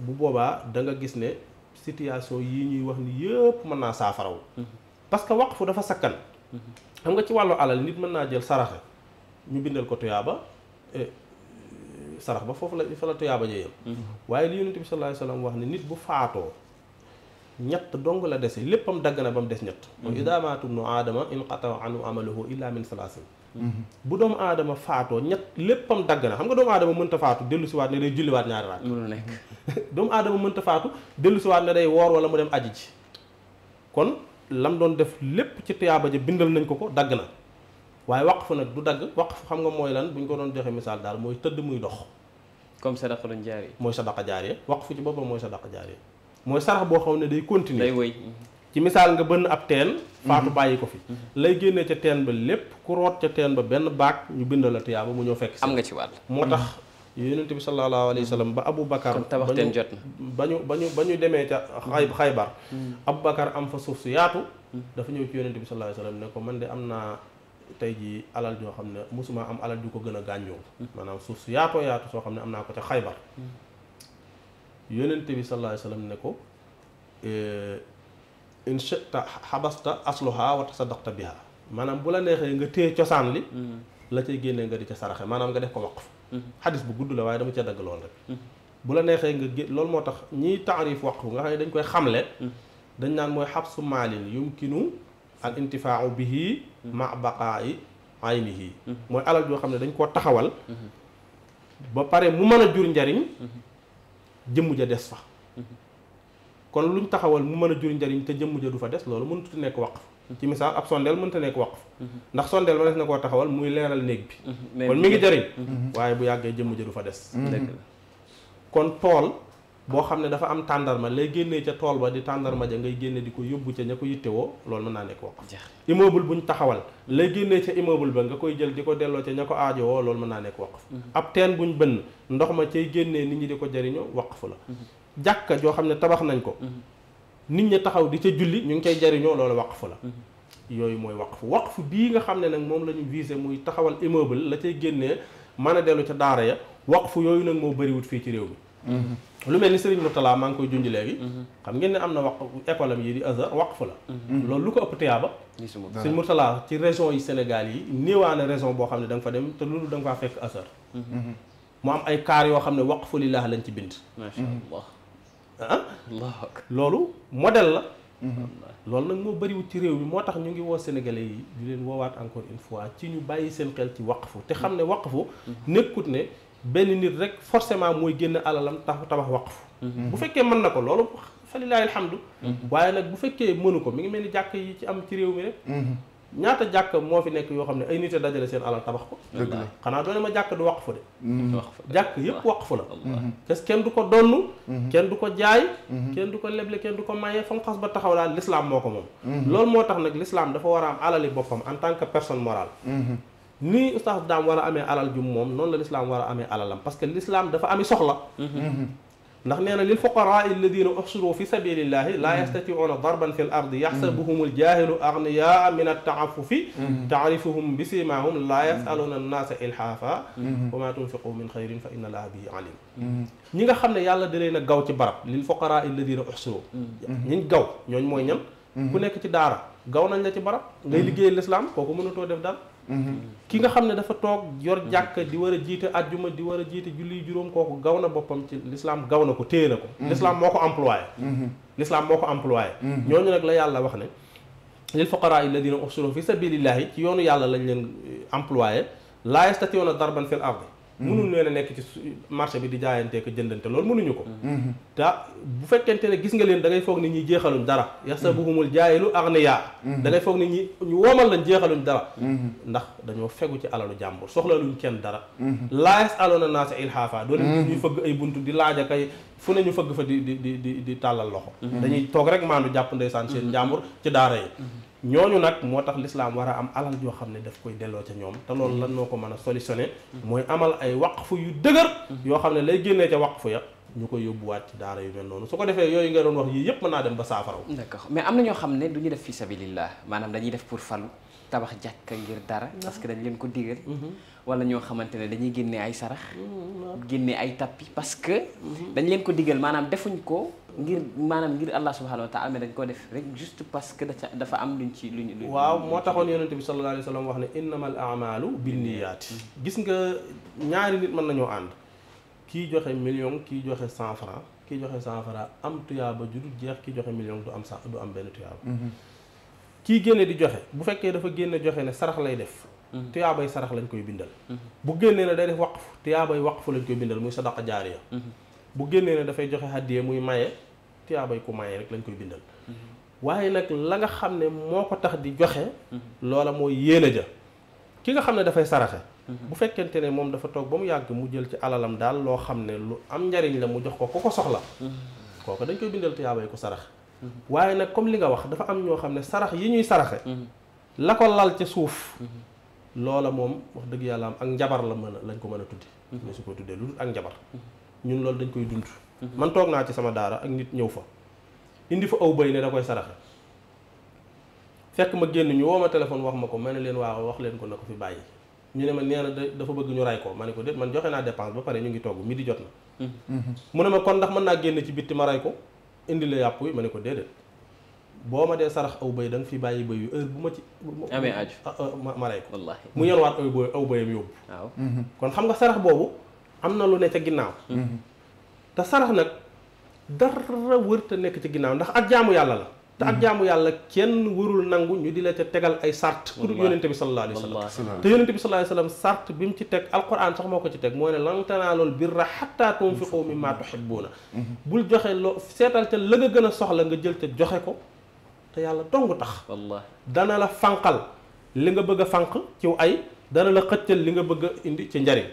bu boobaa da nga gis ne situation yii ñuy wax ni yëpp mën naa saafaraw mm-hmm. parce que fu dafa sakkan mm-hmm. xam nga ci wàllu alal nit mën naa jël saraxe ñu bindal ko tuyaaba eh, sarax ba foofu la fa la tuyaaba ja yem mhm. waaye li yonent bi sallallahu alayhi wasallam wax ne nit bu faatoo ñett dong la dese léppam dagg na ba mu des ñett mhm. wa idaa maata ibnu aadama inqataa anhu amaluhu illa min salaasin mhm. bu doomu aadama faatoo ñett léppam dagg na xam nga doomu aadama mënta faatu dellu si waat ne day julliwaat ñaari raak mënul nekk doomu aadama mënta faatu dellu si ne day woor wala mu dem aji ji kon lam doon def lépp ci tuyaaba ja bindal nañ ko ko dagg na waaye waqf nag du dagg waqf xam nga mooy lan bu ñu ko doon joxe misaal daal mooy tëdd muy dox. comme sadaqa luñ jaari. mooy sadaqa jaari waqf ci boppam mooy sadaqa jaari mooy sarax boo xaw ne day continuer day ci misaal nga bënn ab teen. Mhm. faatu bàyyi ko fi. Mhm. lay génnee ca teen ba lépp ku root ca teen ba benn baag ñu bind la tuyaaba mu ñëw fekk. am nga ci wàll moo tax. Mhm. yonent bi sallallahu alayhi wa sallam ba Abu Bakar kon tabax teen ba ñu ba ñu ba ñu demee ca xay xaybar. Abu Bakar am fa suuf su yaatu. dafa ñëw ci yonent bi sallallahu alayhi wa sallam ne ko man de am naa. tey jii alal joo xam ne mosuma am alal ju ko gën a gàññoo maanaam suuf su yaatoo yaatu soo xam ne am naa ko ca xaybar yonent bi sallallahu alayhi wasallam ne ko eh, in shi'ta habasta asluha wa tasaddaqta biha maanaam bu la neexee nga téye cosaan li la cay génnee nga di ca saraxe maanaam nga def ko waqf xadis bu gudd la waaye dama ca dagg lool rek bu la neexee nga gé loolu moo tax ñiy taarif waqf nga xam ne dañ koy xamle hmm. dañ naan mooy xabsu maalin yumkinu al intifaau bihi ma hmm. baqaa'i aynihi hmm. mooy alal joo xam ne dañ koo taxawal hmm. ba pare mu mën a jur njariñ jëmm ja des fa kon luñ taxawal mu mën a jur njariñ te jëmm ja du fa des loolu mënut nekk waqf ci misaal ab sondeel mënta nekk waqf ndax sondeel ba des na koo taxawal muy leeral néeg bi kon mi ngi jëriñ waaye bu yàggee jëmm ja du fa des kon tool boo xam ne dafa am tàndarma lay génnee ca tool ba di tàndarma ja ngay génne di ko yóbbu ca ña ko yittewoo loolu mën naa nekk waqf immeuble taxawal lay génnee ca immeuble ba nga koy jël di ko delloo ca ña ko aajowoo loolu mën naa nekk waqf mhm. ab bu buñ bënn ndox ma cay génnee nit ñi di ko jariñoo waqf la mhm. jàkka joo xam ne tabax nañ ko mhm. nit ña taxaw di ca julli ñu ngi cay jariñoo loolu waqf la yooyu mooy waqf waqf bii nga xam ne nag moom la ñu visé muy taxawal immeuble la cay génnee mën a dellu ca daara ya waqf yooyu nag moo bëriwut fii ci réew mi lu mel ni Serigne Mourtala maa ngi koy junj léegi. Mhm. xam ngeen ne am na wax école am yi di Azhar waqf la. Mhm. loolu lu ko ëpp tiyaaba. Serigne Mourtala ci région yi Sénégal yi néewaane région boo xam ne danga fa dem te loolu da nga faa fekk Azhar. Mhm. mu am ay kaar yoo xam ne waqfu lillah lañ ci bind. macha allah ah. loolu model la. loolu nag moo bëriwut ci réew mi moo tax ñu ngi woo sénégalais yi di leen woowaat encore une fois ci ñu bàyyi seen xel ci waqfu te xam ne waqfu nekkut ne. benn nit rek forcément mooy génn alalam tax tabax waqf mhm. bu fekkee mën na ko loolu falilaahi alhamdu mhm. waaye nag bu fekkee mënu ko mi ngi mel ni jàkk yi ci am ci réew mi rek mhm. ñaata jàkk moo fi nekk yoo xam ne ay nit dajale seen alal tabax ko xanaa doone ma jàkk du waqfu de jàkk yëpp fu la parce kenn du ko donn kenn du ko jaay kenn du ko leble kenn du ko maye fa xas ba taxaw daal lislaam moo ko moom loolu moo tax nag lislaam dafa war a am alali en tant que personne morale nii ustaas daam a amee alal jum moom noonu la lislaam war a amee alalam parce que lislaam dafa ami soxla ndax nee na lil fuqaraa alladina uxsiru fi sabilillahi laa yastatiuuna darban fi l ardi yaxsabuhum aljaahilu agniyaa min altaafufi taarifuhum bi simaahum laa yasaluuna annaasa ilhaafa wa maa tunfiqu min xayrin fa inna laa bihi alim ñi nga xam ne yàlla da leen a gaw ci barab lil fuqaraa alladina uxsiru ñiñ gaw ñooñ mooy ñan ku nekk ci daara gaw nañ la ci barab ngay liggéey lislaam kooku mënatoo def dal ki nga xam ne dafa toog yor jàkk di war a jiite ajjuma di war a jiite julli juróom kooku gaw na boppam ci lislaam gaw na ko téye na ko mhm. l'islam moo ko employé mhm. l'islam moo ko employé mhm. ñooñu nag la yàlla wax ne lil fuqaraa alladina uhsiru fi sabilillahi ci yoonu yàlla lañ leen employé laa yastatiuna darban fil ardi Mm-hmm. mënul leen a nekk ci marché bi di jaayantee ko jëndante loolu mënuñu ko mm-hmm. taa bu fekkente ne gis nga leen da foog ni ñuy jeexaluñ dara mm-hmm. yaxsabuhumul jaahilu aghniya da ngay foog ni ñi ñu woomal lañ jeexaluñ dara ndax dañoo fegu ci alalu jàmbur soxlaluñ kenn dara laa yasaluuna naasa ilhaafa ñu ñuy fëgg ay bunt di laaja kay fu ne ñu fëgg fa di di di di tàllal loxo dañuy toog rek maandu jàpp ndeysaan seen jàmbur ci daara yi ñooñu nag moo tax lislaam war a am alal yoo xam ne daf koy delloo ca ñoom te loolu lan noo ko mën a solutionné mm-hmm. mooy amal ay waqfu yu dëgër mm-hmm. yoo xam ne lay génnee ca waqfu ya ñu ko yóbbuwaat ci daara yu mel noonu su ko defee yooyu nga doon wax yii yëpp mën naa dem ba saafaraw d'accord mais am na ñoo xam ne du ñu def fi sabilillah maanaam dañuy def pour falu tabax jàkka ngir dara mm-hmm. parce que dañ leen ko digal wala ñoo xamante ne dañuy génnee ay sarax génnee ay tappi parce que dañ leen ko digal maanaam defuñ ko ngir maanaam ngir allah subhanahu wa taala dañ koo def rek juste parce que dafa am luñ ci luñ. waaw moo taxoon yonente bi sallallahu alayhi wa sallam wax ne innamal amalu binniyaat mm-hmm. gis nga ñaari nit mën nañoo ànd kii joxe million kii joxe cent franc kii joxe cent franc am tuyaaba ju jeex kii joxe million du am sa du am benn tuyaaba mm-hmm. kii génne di joxe bu fekkee dafa génne joxe ne sarax lay def mm-hmm. tuyaabay sarax lañ koy bindal bu génnee ne day def waqf tuyaabay waqf lañ koy bindal muy sadaqa jaariya bu génnee ne dafay joxe hàddiyee muy maye tiyaabay ku maye rek lañ koy bindal waaye nag la nga xam ne moo ko tax di joxe loola mooy yéene ja ki nga xam ne dafay saraxe bu fekkente ne moom dafa toog ba mu yàgg mu jël ci alalam daal loo xam ne lu am njariñ la mu jox ko ku soxla kooku dañ koy bindal tiyaabay ku saraxe waaye nag comme li nga wax dafa am ñoo xam ne sarax yi ñuy saraxe la ko lal ci suuf loola moom wax dëgg yàlla am ak njabar la mën a lañ ko mën a tuddi ñu su tuddee lu dul ak njabar ñun loolu dañ koy dund. Mhm. man toog naa ci sama daara ak nit ñëw fa indi fa aw bëy ne da koy saraxe fekk ma génn ñu woo ma téléphone wax ma ko ma ne leen waaw wax leen ko na ko fi bàyyi ñu ne ma nee na bëgg ñu ray ko ma ne ko déet man joxe naa dépense ba pare ñu ngi togg midi jot na. Mhm. Mhm. mu ne ma kon ndax mën naa génn ci bitti ma ray ko indi la yàpp ma ne ko déedéet boo ma dee sarax aw bëy da nga fi bàyyi bëy yu heure bu ma ci. amee aju ah, ah, ma ray ko. mu yorwaat aw bëy aw bëyam yóbbu. kon xam nga sarax boobu. am na lu ne ca ginnaaw mhm. te sarax nag dara wërta nekk ci ginnaaw ndax ak jaamu yàlla la te ak mhm. jaamu yàlla kenn warul nangu ñu di la ca tegal ay sart ku dul yonente bi sallallahu alayhi wa sallam te yonente bi sallallahu bi mu ci teg alquran sax moo ko ci teg mooy ne lan tanaalul birra xatta tunfiqu mimma tuhibbuuna mhm. bul joxe loo seetal ca la nga gën a soxla nga jël ca joxe ko te yàlla dong tax wallahi dana la fànqal li nga bëgg a fànq ciw ay dana la xëccal li nga bëgg a indi ci njariñ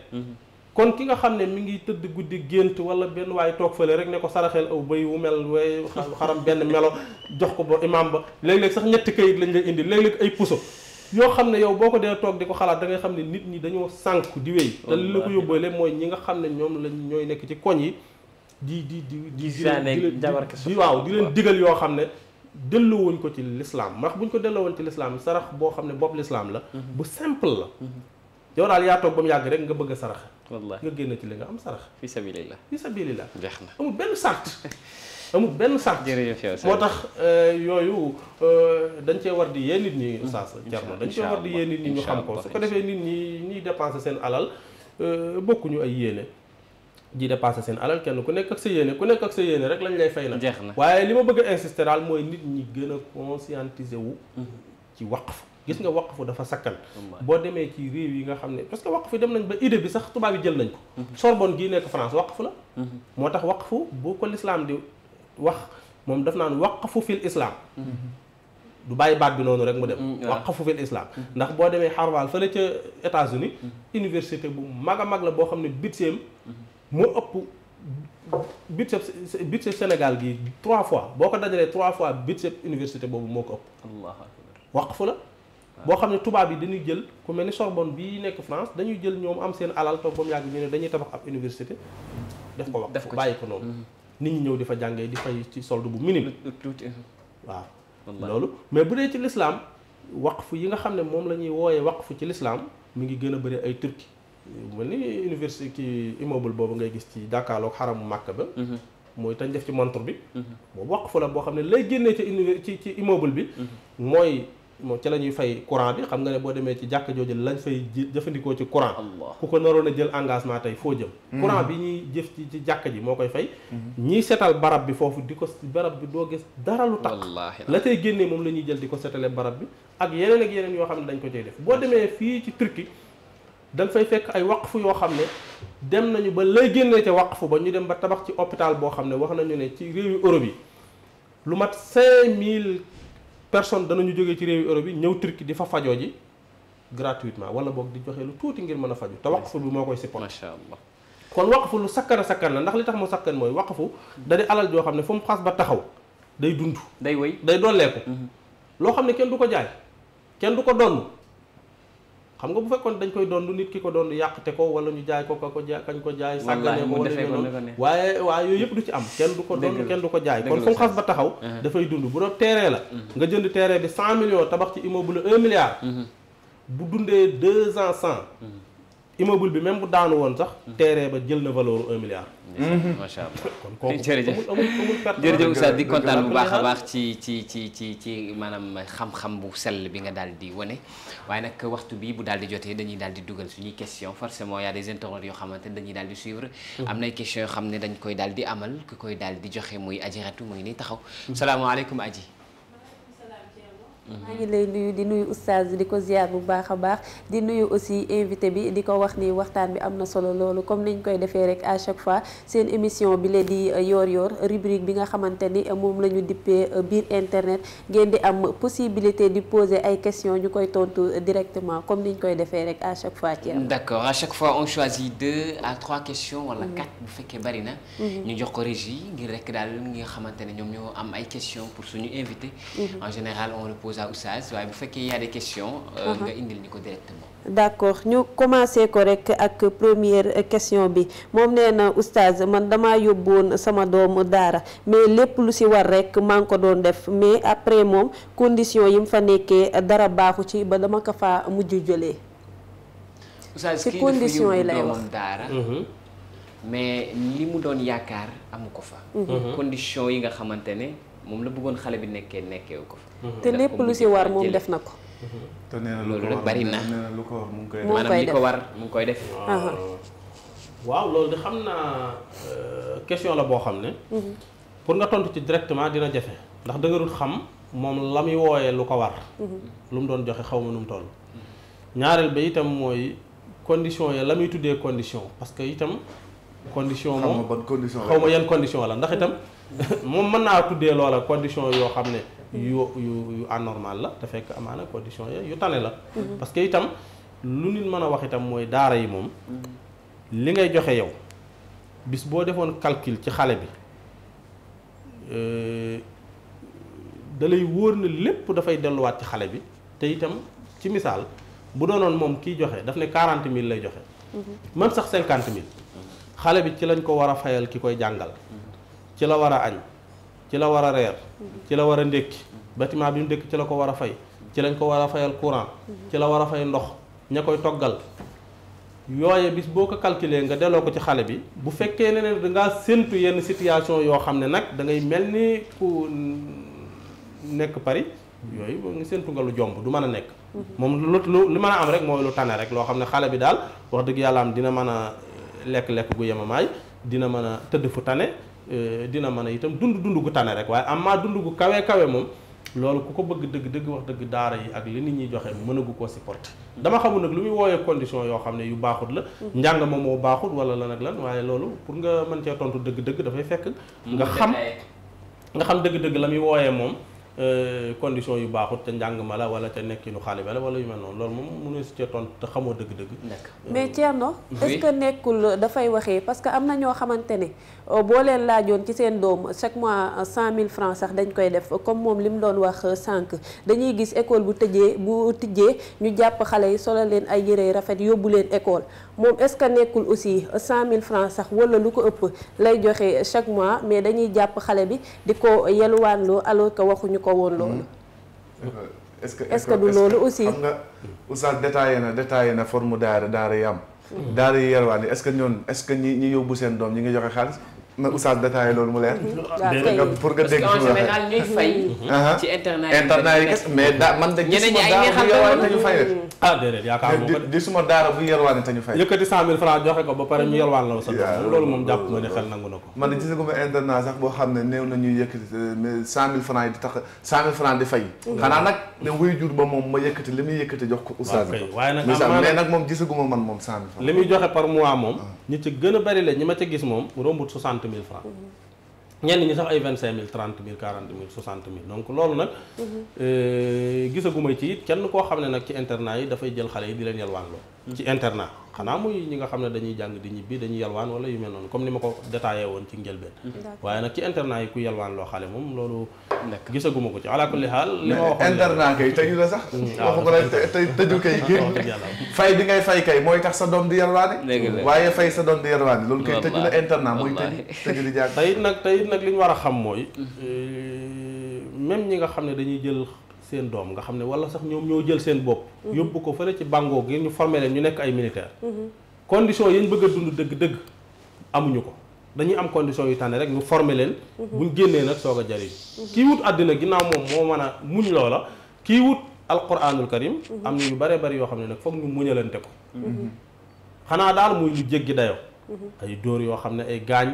kon ki nga xam ne mi ngi tëdd guddi gént wala benn waaye toog fële rek ne ko saraxel aw bëy wu mel way xaram benn melo jox ko ba imaam ba léeg-léeg sax ñetti kayit lañ lay indi léeg-léeg ay puso yoo xam ne yow boo ko dee toog di ko xalaat da ngay ne nit ñi dañoo sànk di wéy la ko yóbbaale mooy ñi nga xam ne ñoom lañ ñooy nekk ci koñ yi di di di di waaw di leen digal yoo xam ne delloowuñ ko ci lislaam ndax buñ ko delloowoon ci lislaam sarax boo xam ne bopp lislaam la mhm. bu simple la mhm. yow daal yaa toog ba mu yàgg rek nga bëgg sarax wallaay nga génn ci li nga am sarax. fi sabilillah fi sabilillah. jeex na amul benn sart. amul benn sart. jërëjëf yow moo tax euh, yooyu euh, dañ cee war di yee nit ñi. Hmm. oustaz Thierno dañ cee war di yee nit ñi ñu xam ko su ko defee nit ñi ñuy dépenser seen alal euh, bokkuñu ay yéene. ji dépassé seen alal kenn ku nekk ak sa yéene ku nekk ak sa yéene rek lañ lay fay la jeex na waaye li ma bëgg a insister mooy nit ñi gën a conscientiser wu. Hmm. ci waqf. gis nga waqfu dafa sakkan boo demee ci réew yi nga xam ne parce que waqfu dem nañ ba idée bi sax tubaab yi jël nañ ko mhm. Sorbonne gii nekk France waqfu la mhm. moo tax wax fu bu ko lislaam di wax moom daf naan waqfu fil islaam mhm. du bàyyi baat bi noonu rek mu dem mm, waqfu fil ndax boo demee Harvard fële ca États-Unis université bu mag a mag la boo xam ne budget mu ëpp budget budget Sénégal gi trois fois boo ko dajalee trois fois budget université boobu moo ko ëpp waqfu la boo xam ne tubaab yi dañuy jël ku mel ni Sorbonne bii nekk France dañuy jël ñoom am seen alal toog ba mu yàgg ñu ne dañuy tabax ab université. def ko wax bàyyi ko noonu. Mm-hmm. nit ñi ñëw di fa jàngee di fay ci solde bu minime. tuuti waaw. loolu mais bu dee ci lislaam fu yi nga xam ne moom la ñuy wooyee fu ci lislaam mi ngi gën a bëri ay turki. mel ni université ki immeuble boobu ngay gis ci jàkkaarloog xaramu màkk ba. Mm-hmm. mooy tañ def ci montre bi. Mm-hmm. boobu waqfu la boo xam ne lay génnee ci ci ci immeuble bi. mooy. moom ca la ñuy fay courant bi xam nga ne boo demee ci jàkka jooju lañ fay jëfandikoo ci courant ku ko naroon a jël engagement tey foo jëm mm. courant bi ñuy jëf ci ci jàkka ji moo koy fay mm-hmm. ñiy setal barab bi foofu di ko barab bi doo gis dara lu tax la tey génnee moom la ñuy jël di ko setalee barab bi ak yeneen ak yeneen yoo xam ne dañ ko cay def boo demee fii ci Turquie dañ fay fekk ay fu yoo xam ne dem nañu ba lay génnee ca waqfu ba ñu dem ba tabax ci hôpital boo xam ne wax nañu ne ci réewi Europe yi lu mat personne danañu jógee ci réewi Europe yi ñëw Turquie di fa fajoo ji gratuitement wala boog di joxe lu tuuti ngir mën a faju te waqfu bi moo koy supporté macha allah lu sakkan a sakkan la ndax li tax mu sakkan mooy waqfu da di alal joo xam ne fu mu xas ba taxaw day dund day wéy day dolleeku mhm. loo xam ne kenn du ko jaay kenn du ko donn xam nga bu fekkoon dañ koy doon nit ki ko doon yàqte ko wala ñu jaay ko ka ko jaay kañ ko jaay sàggane ko wala ñu doon waaye waaye yooyu yëpp du ci am kenn du ko doon kenn du ko jaay kon fu mu xas ba taxaw uh-huh. dafay dund bu doon terrain la uh-huh. nga jënd terrain bi cent millions tabax ci immeuble un milliard uh-huh. bu dundee deux ans cent immeuble bi même bu daanu woon sax. Hmm. terrain ba jël na valeur un milliard. Hmm. macha allah kon kooku jërëjëf amul amul perte. jërëjëf Oustaz bu baax a ci ci ci ci ci maanaam xam-xam bu sell bi nga daal di wane. waaye nag waxtu bii bu daal di jotee dañuy daal di dugal suñuy question forcément y a des internautes yoo xamante ne dañuy daal di suivre. Hmm. am nay questions yoo xam ne dañ koy daal di amal ku koy dal di joxe muy aji ratu mu ngi nii taxaw. salaamaaleykum aji. Mhm. maa ngi lay nuyu di nuyu oustaz di ko ziar bu baax a baax di nuyu aussi invité bi di ko wax ni waxtaan bi am na solo loolu comme niñ koy defee rek à chaque fois seen émission bi di yoor yoor rubrique bi nga xamante ni moom la ñu dippee biir internet ngeen di am possibilité di poser ay questions ñu koy tontu directement comme niñ koy defee rek à chaque fois ci d'accord à chaque fois on choisit deux à trois questions wala mhm. quatre bu fekkee bari na mhm. ñu jox ko régie ngir rek daal ñi nga xamante ne ñoom ñoo am ay questions pour suñu invité en général on le déjà oustaz waaye bu fekkee y a des questions. Euh, uh-huh. nga indil ñu ko directement. d' accord ñu commencé ko rek ak première question bi moom nee na oustaz man dama yóbboon sama doomu daara mais lépp lu si war rek maa ngi ko doon def mais après moom condition yi mu fa nekkee dara baaxu ci ba dama ko faa mujj jëlee. Mm-hmm. Mm-hmm. Mm-hmm. yi nga xamante moom la bëggoon xale bi nekkee nekkee ko fa. Mhm. te lépp lu si war moom def na ko. te bari na lu ko mu ngi koy def maanaam ko war mu ngi koy def. waaw loolu xam naa euh, question la boo xam ne. Mhm. pour nga tontu ci directement dina jafe ndax dëgërul xam moom la muy wooyee lu ko war. Mhm. mu doon joxe xaw ma nu mu toll. ñaareel ba itam mooy condition ya la muy tuddee condition parce que itam. condition moom condition xaw ma yan condition la ndax itam moom mën naa tuddee loola condition yoo xam ne. yu yu yu anormal la te fekk amaana condition yooyu yu tane la mhm. parce que itam lu nit mën a wax itam mooy daara yi moom mhm. li ngay joxe yow bis boo defoon calcul ci xale bi euh, da lay wóor na lépp dafay delluwaat ci xale bi te itam ci misaal bu doonoon moom kiy joxe daf ne quarante mille lay joxe man mhm. sax cinquante mille xale bi ci lañ ko war a fayal ki koy jàngal ci la war a añ ci la war a reer ci la war a ndékki bâtiment bi mu dëkk ci la ko war a fay ci lañ ko war a fayal courant ci la war a fay ndox ña koy toggal yooye bis boo ko calculer nga delloo ko ci xale bi bu fekkee ne dangaa séntu yenn situation yoo xam ne nag da ngay mel ni ku nekk Paris yooyu boo nga séntu nga lu jomb du mën a nekk moom lu lu li mën a am rek mooy lu tane rek loo xam ne xale bi daal wax dëgg yàlla am dina mën a lekk-lekk gu yemamaay dina mën a tëdd fu tane Euh, dina mën a itam dund dund gu tane rek waaye amaa dund gu kawe kawe moom loolu ku ko bëgg dëgg dëgg wax dëgg daara yi ak li nit ñi joxe mënagu koo supporter dama xamu nag lu muy wooyee condition yoo xam ne yu baaxut la mm. njàng ma moo baaxut wala lan ak lan waaye loolu pour nga mën cee tontu dëgg dëgg dafay fekk nga mm. xam nga xam dëgg dëgg la muy wooyee moom Euh, condition yu baaxut te njàng ma la wala te nekkinu xale ba la wala yu mel noonu loolu moom mënoo si cee tontu te xamoo dëgg-dëgg. Euh, mais Thierno. est-ce nekkul dafay waxee parce que am na ñoo xamante ne euh, boo leen laajoon ci seen doom chaque mois cent mille francs sax dañ koy def comme moom li mu doon wax sànq dañuy gis école bu tëjee bu tijjee ñu jàpp xale yi solo leen ay yére yu rafet yóbbu leen école. moom est-ce que nekkul aussi cent 100000 francs sax wala lu ko ëpp lay joxe chaque mois mais dañuy jàpp xale bi di ko yelwaanloo alors que waxuñu ko woon loolu. est-ce que est-ce que du loolu aussi. xam nga oustaz détaillé na détaillé na forme daara daara yi am. Mm. daara yi yelwaan yi est-ce que ñoon ñi ñi yóbbu seen doom ñi ngi joxe xaalis. na oustaz détaillé loolu mu leer. Mhm. pour nga dégg suñu waxee mhm. da man de. ñeneen ñi ay neexal fay ah déedéet yaakaar moom di suma daara bu yerwaane te ñu fay. yëkkati 100000F joxe ko ba pare ñu mhm. yerwaan la sa doom loolu moom ma yëkkati li muy yëkkati jox ko oustaz. waaye nag mais nag moom gisaguma man moom li muy joxe par mois moom. Ah. ñi ci gën a bari la ñi ma ca gis moom rombut 60 mille francs ñenn ñi sax ay vingt cinq mille trente mille quarante mille soixante mille donc loolu nag mhm. euh, gisaguma ci it kenn koo xam ne nag ci internat yi dafay jël xale yi di leen yalwaan loo mhm. ci internat xanaa muy ñi nga xam ne dañuy jàng di ñibbi dañuy yalwaan wala yu mel noonu comme ni ma ko détaillé woon ci njëlbeen mm-hmm. waaye nag ci internat yi ku yalwaan loo xale moom loolu gisaguma ko ci ala kulli xaal li ma waxoon internat kay tëju la sax mm-hmm. waxu ko la tey tëju kay bi ngay fay kay mooy tax sa doom di yalwaani waaye fay sa doom di yalwaani loolu kay tëju la internat mooy tëju tëju di jàng tey nag tey nag li ñu war a xam mooy mm-hmm. euh, même ñi nga xam ne dañuy jël seen doom nga xam ne wala sax ñoom ñoo jël seen bopp. Mhm. yóbbu ko fële ci bàngoo gi ñu formé leen ñu nekk ay militaire mhm. condition yi ñu bëgg a dund dëgg-dëgg amuñu ko dañuy am condition yu tànn rek ñu formé leen. Mhm. buñ génnee nag soog a jariñ. kii wut àddina ginnaaw moom moo mën a muñ loola kii wut alquranul karim. am na yu bare bari yoo xam ne nag foog ñu muñalante ko. xanaa daal muy lu jéggi dayoo. ay dóor yoo xam ne ay gaañ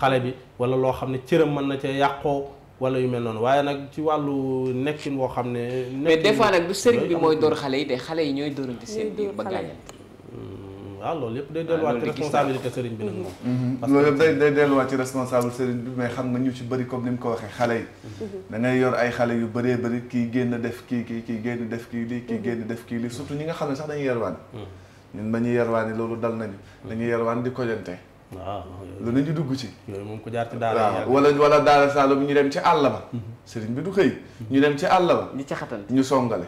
xale bi wala loo xam ne cëram mën na cee yàqoo. wala yu mel noonu waaye nag ci wàllu nekkin boo xam ne. mais des fois nag du sëriñ bi mooy door xale yi de xale yi ñooy dóorante seen biir ba gaañal. Hmm, waaw loolu yëpp day delluwaat ci responsabilité sëriñ bi nag mhm. moom. Mhm. parce que day day delluwaat ci responsable sëriñ bi mais xam nga ñu ci bari comme ni mu ko waxee xale yi. Mhm. dangay yor ay xale yu baree bëri kii génn def kii kii kii génn def kii lii kii génn def kii lii surtout ñi nga xam ne sax dañuy yarwaan. Hmm. ñun ba ñuy yarwaan loolu dal nañu. Hmm. dañuy yarwaan di kojante waaw lu ne ñu dugg ci. yooyu moom ko jaar ci daara wala wala daara Saalum ñu dem ci àll ba. Mhm. sëriñ bi du xëy. ñu dem ci àll ba. ñu caxatan ñu songale.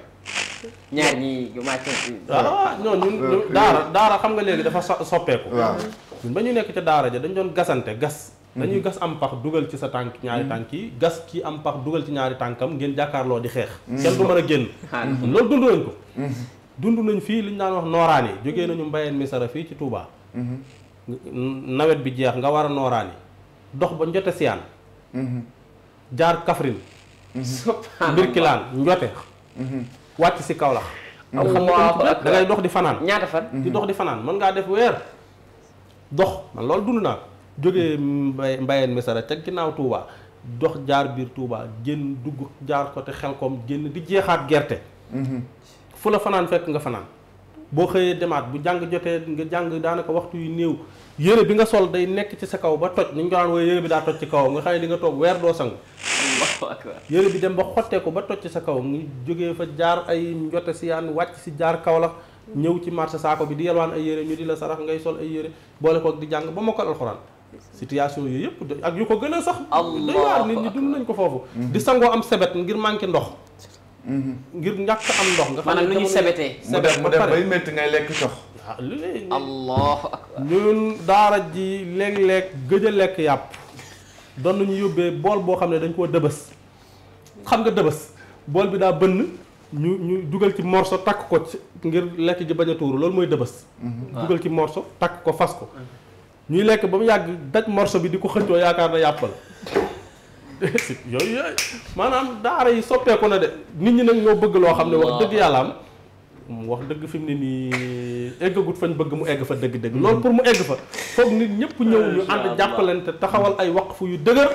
ñaar ñii yu maa ah, waaw ah, non ah, daara daara xam nga léegi dafa soppeeku. waaw ñun ba ñu nekk ca daara ja dañ doon gasante gas. Mhm. dañuy gas am pax dugal ci sa tànk ñaari mhm. tànk yi gas kii am pax dugal ci ñaari tànkam ngeen jàkkaarloo di xeex. kenn du mar a génn. loolu dund ko. dund nañ fii li ñu daan wax nooraan nooraani jógee nañu mbayeen mi sara fii ci tuubaa nawet bi jeex nga war a nooraani dox ba njote siyaan jaar Kaffrine Birkilaan njote mhm. wàcc si Kaolack da ngay dox di fanaan ñaata fan di dox di fanaan mën ngaa def weer dox man loolu dund naa jógee mbayeen misara ca ginnaaw tuuba dox jaar biir Touba génn dugg jaar côté xelkom génn di jeexaat gerte mhm. fu la fanaan fekk nga fanaan boo xëyee demaat bu jàng jotee nga jàng daanaka waxtu yu néew yëre bi nga sol day nekk ci sa kaw ba toj ni ñu ko daan wooye yére bi daa toj ci kawam nga xam ne di nga toog weer doo sangu yére bi dem ba xotteeku ba toj ci sa kaw ngi jógee fa jaar ay njote si yaan wàcc si jaar kaw ñëw ci marché saako bi di yalwaan ay yére ñu di la sarax ngay sol ay yére boole ko di jàng ba mokkal alxuraan situation yooyu yëpp ak yu ko gën a sax doy waar dund nañ ko foofu di sangoo am sebet ngir manqué ndox Mm-hmm. ngir ñàkk am ndox nga xam ne lu ñu sebetee mu dem mu dem bay métti ngay lekk cox ah, allah ñun daara ji léeg-léeg gëj a lekk yàpp doon nañu yóbbee bool boo xam ne dañ koo dëbës xam nga dëbës bool bi daa bënn ñu ñu dugal ci morso takk ko ngir lekk ji bañ a tuuru loolu mooy dëbës mm-hmm. dugal ci morso takk ko fas ko mm-hmm. ñuy lekk ba mu yàgg daj morso bi di ko xëccoo yaakaar na yàppal yooyu yooyu maanaam daara yi soppeeku na de nit ñi nag ñoo bëgg loo xam ne wax dëgg yàlla am mu wax dëgg fi mu ne nii eggagut fañ bëgg mu egg fa dëgg-dëgg. loolu pour mu egg fa foog nit ñëpp ñëw ñu ànd jàppalante taxawal ay waqf yu dëgër.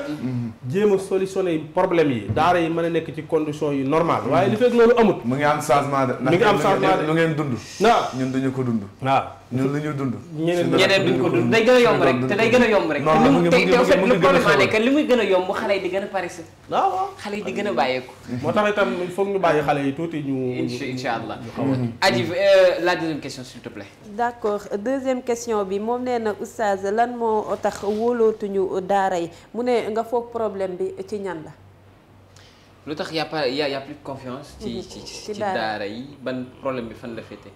jéem a solutionné problème yi daara yi mën a nekk ci condition yi normal waaye li fekk loolu amut. mu ngi am changement de. mi ngi am changement de lu ngeen dund. waaw ñun duñu ko dund. waaw ñun lu dund. ñeneen ñeneen duñ ko dund day gën a yomb rek te day gën a yomb rek. te te gën a yomb xale yi di a paresse. waaw waaw a bàyyeeku. moo tax itam foog ñu bàyyi xale yi tuuti ñu. incha allah Adji mm. euh, la deuxième question s'il te plaît. deuxième question bi moom nee na oustaz lan moo tax woolootuñu daara yi mu ne nga foog problème bi ci ñan la. lu tax y' a pas y' confiance. Mm-hmm. ci ci ci daara yi ban problème bi fan la féete.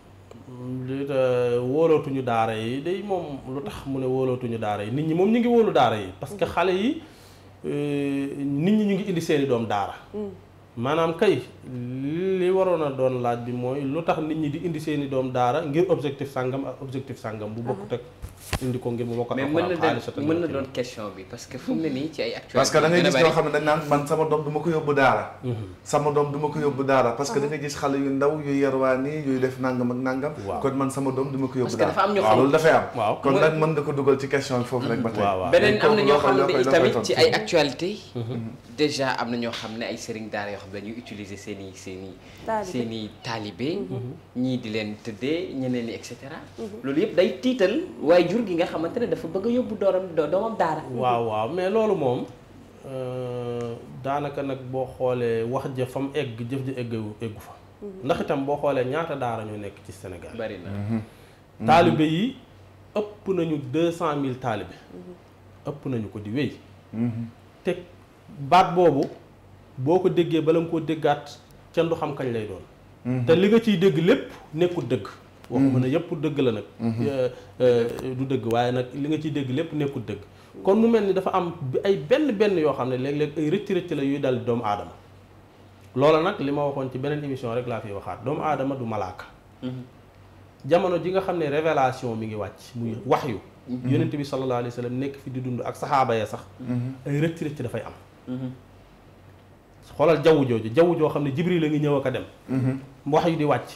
li euh, wóolootuñu daara yi de moom lu tax mu ne woolootuñu daara yi nit ñi moom ñu ngi wóolu daara yi. parce que mm-hmm. xale yi euh, nit ñi ñu ngi indi seeni doom daara. Mm. maanaam kay li waroon a doon laaj bi mooy lu tax nit ñi di indi seeni doom daara ngir objectif sàngam ak objectif sàngam bu bokkut ak indi ko ngir mu wokk mais mën na doon mën na doon question bi parce que fu mu ne nii ci ay actualité parce ñoo xam ne dañ naan mhm. da ah. ngay gis xale yu ndaw yuy yarwaani yuy def nangam ak nga ba tey ne tamit ñii di leen tëddee ñeneen et cetera mhm. loolu yëpp day tiital waaye waajur gi nga xamante ne dafa bëgg a yóbbu dooram doomam daara. waaw waaw mais loolu moom euh, daanaka nag boo xoolee wax ja fa mu egg jëf ja egg eggu fa. Mhm. ndax itam boo xoolee ñaata daara ñu nekk ci senegal bari na mhm. Mhm. taalibe yi ëpp nañu deux cent mille taalibe. ëpp nañu ko di wéy. te baat boobu boo ko déggee bala nga koo déggaat kenn du xam kañ lay doon. te li nga ciy dégg lépp nekkul dëgg. yëpp waxuma ne yëpp dëgg la nag mhm. du dëgg waaye nag li nga ciy dégg lépp nekkul dëgg kon mu mel ni dafa am ay benn benn yoo xam ne léeg-léeg ay rëcc rëcc la yuy dal doomu aadama loola nag li ma waxoon ci beneen émission rek laa fiy waxaat doomu aadama du malaaka mhm. jamono ji nga xam ne révélation mi ngi wàcc muy mhm. waxyu yonent bi sallallahu alayhi wa sallam nekk fi di dund ak saxaaba ya sax ay rëcc rëcc dafay am xoolal jaww jooju jaww joo xam ne jibril la ngi ñëw ak a dem wax yu di wàcc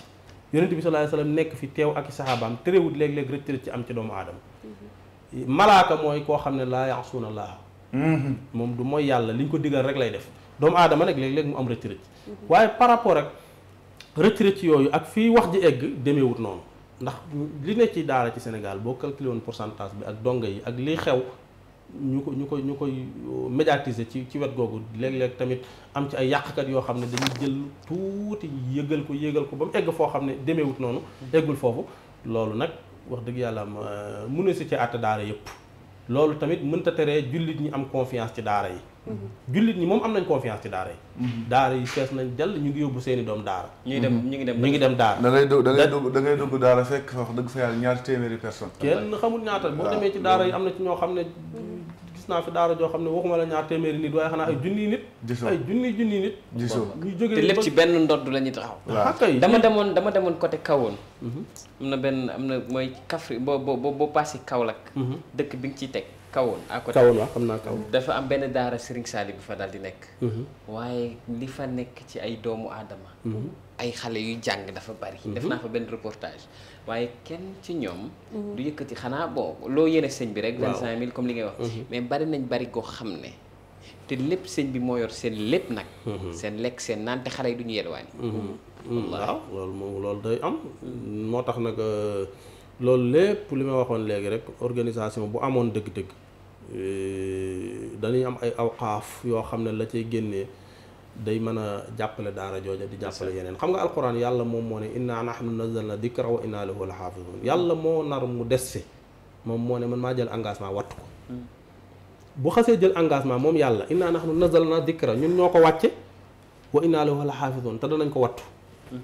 yonent bi sallallahu alayhi wasallam nekk fi teew ak i saxaabaam terewut léeg-léeg rëcc ci am ci doomu aadama mhm. malaaka mooy koo xam ne laa yaasuuna laa mhm. moom du mooy yàlla li ñu ko digal rek lay def doomu aadama nag léeg-léeg mu am rëcc rëcc mhm. waaye par rapport ak rëcc rëcc yooyu ak fii wax ji egg demeewut noonu ndax li ne ci daara ci Sénégal boo calculé woon pourcentage bi ak dongo yi ak li xew ñu ko ñu koy ñu koy euh, médiatiser ci ci wet googu léeg-léeg tamit am ci ay yàqkat yoo xam ne dañuy jël tuuti yëgal ko yëgal ko ba mu egg foo xam ne demeewut noonu eggul foofu loolu nag wax dëgg yàlla ma euh, mënu si ci àtte daara yëpp loolu tamit mënta teree jullit ñi am confiance ci daara yi mm-hmm. jullit ñi moom am nañ confiance ci daara yi mm-hmm. daara yi fees nañ jàll ñu ngi yóbbu seeni doom daara ñu ngi dem mm-hmm. ñu ngi dem ñu ngi dem daara da ngay dugg da ngay dugg da ngay dugg daara fekk wax dëgg ñaata boo demee ci daara yi am xam ne gis naa fi daara joo xam ne waxuma la ñaar téeméeri nit waaye xanaa ay junniy nit. gisoo ay junniy junniy nit. gisoo te lépp ci benn ndodd la ñuy taxaw. waaw dama demoon dama demoon côté kawoon. Mhm. am na benn am na mooy Kaffrine boo boo boo paasee Kaolack. Mhm. dëkk bi nga ciy teg. kawoon à côté xam naa kawoon dafa am benn daara Serigne Sali bu fa daal di nekk mhm. waaye li fa nekk ci ay doomu aadama mhm. ay xale yuy jàng dafa bari mhm. def naa fa benn reportage waaye kenn ci ñoom du yëkkati xanaa bon loo yéene sëñ bi rek vingt cinq mille comme li ngay wax mais bari nañ bari goo xam ne te lépp sëñ bi moo yor seen lépp nag seen lekk seen naan te xale yi du ñu yelwaani waaw loolu moom loolu day am moo tax nag euh, loolu lépp li ma waxoon léegi rek organisation bu amoon dëgg Euh, dañuy am ay awqaaf yoo xam ne la cee génne day mën a jàppale daara jooja di jàppale yeneen xam nga alquran yàlla moom moo ne inna nahnu na dikra wa inna lahu la xaafizun yàlla moo nar mu des si moom moo ne man maa jël engagement wattu ko hmm. bu xasee jël engagement moom yàlla inna nahnu nazzalna dikra ñun ñoo ko wàcce wa inna lahu la xaafizun te danañ ko wattu hmm.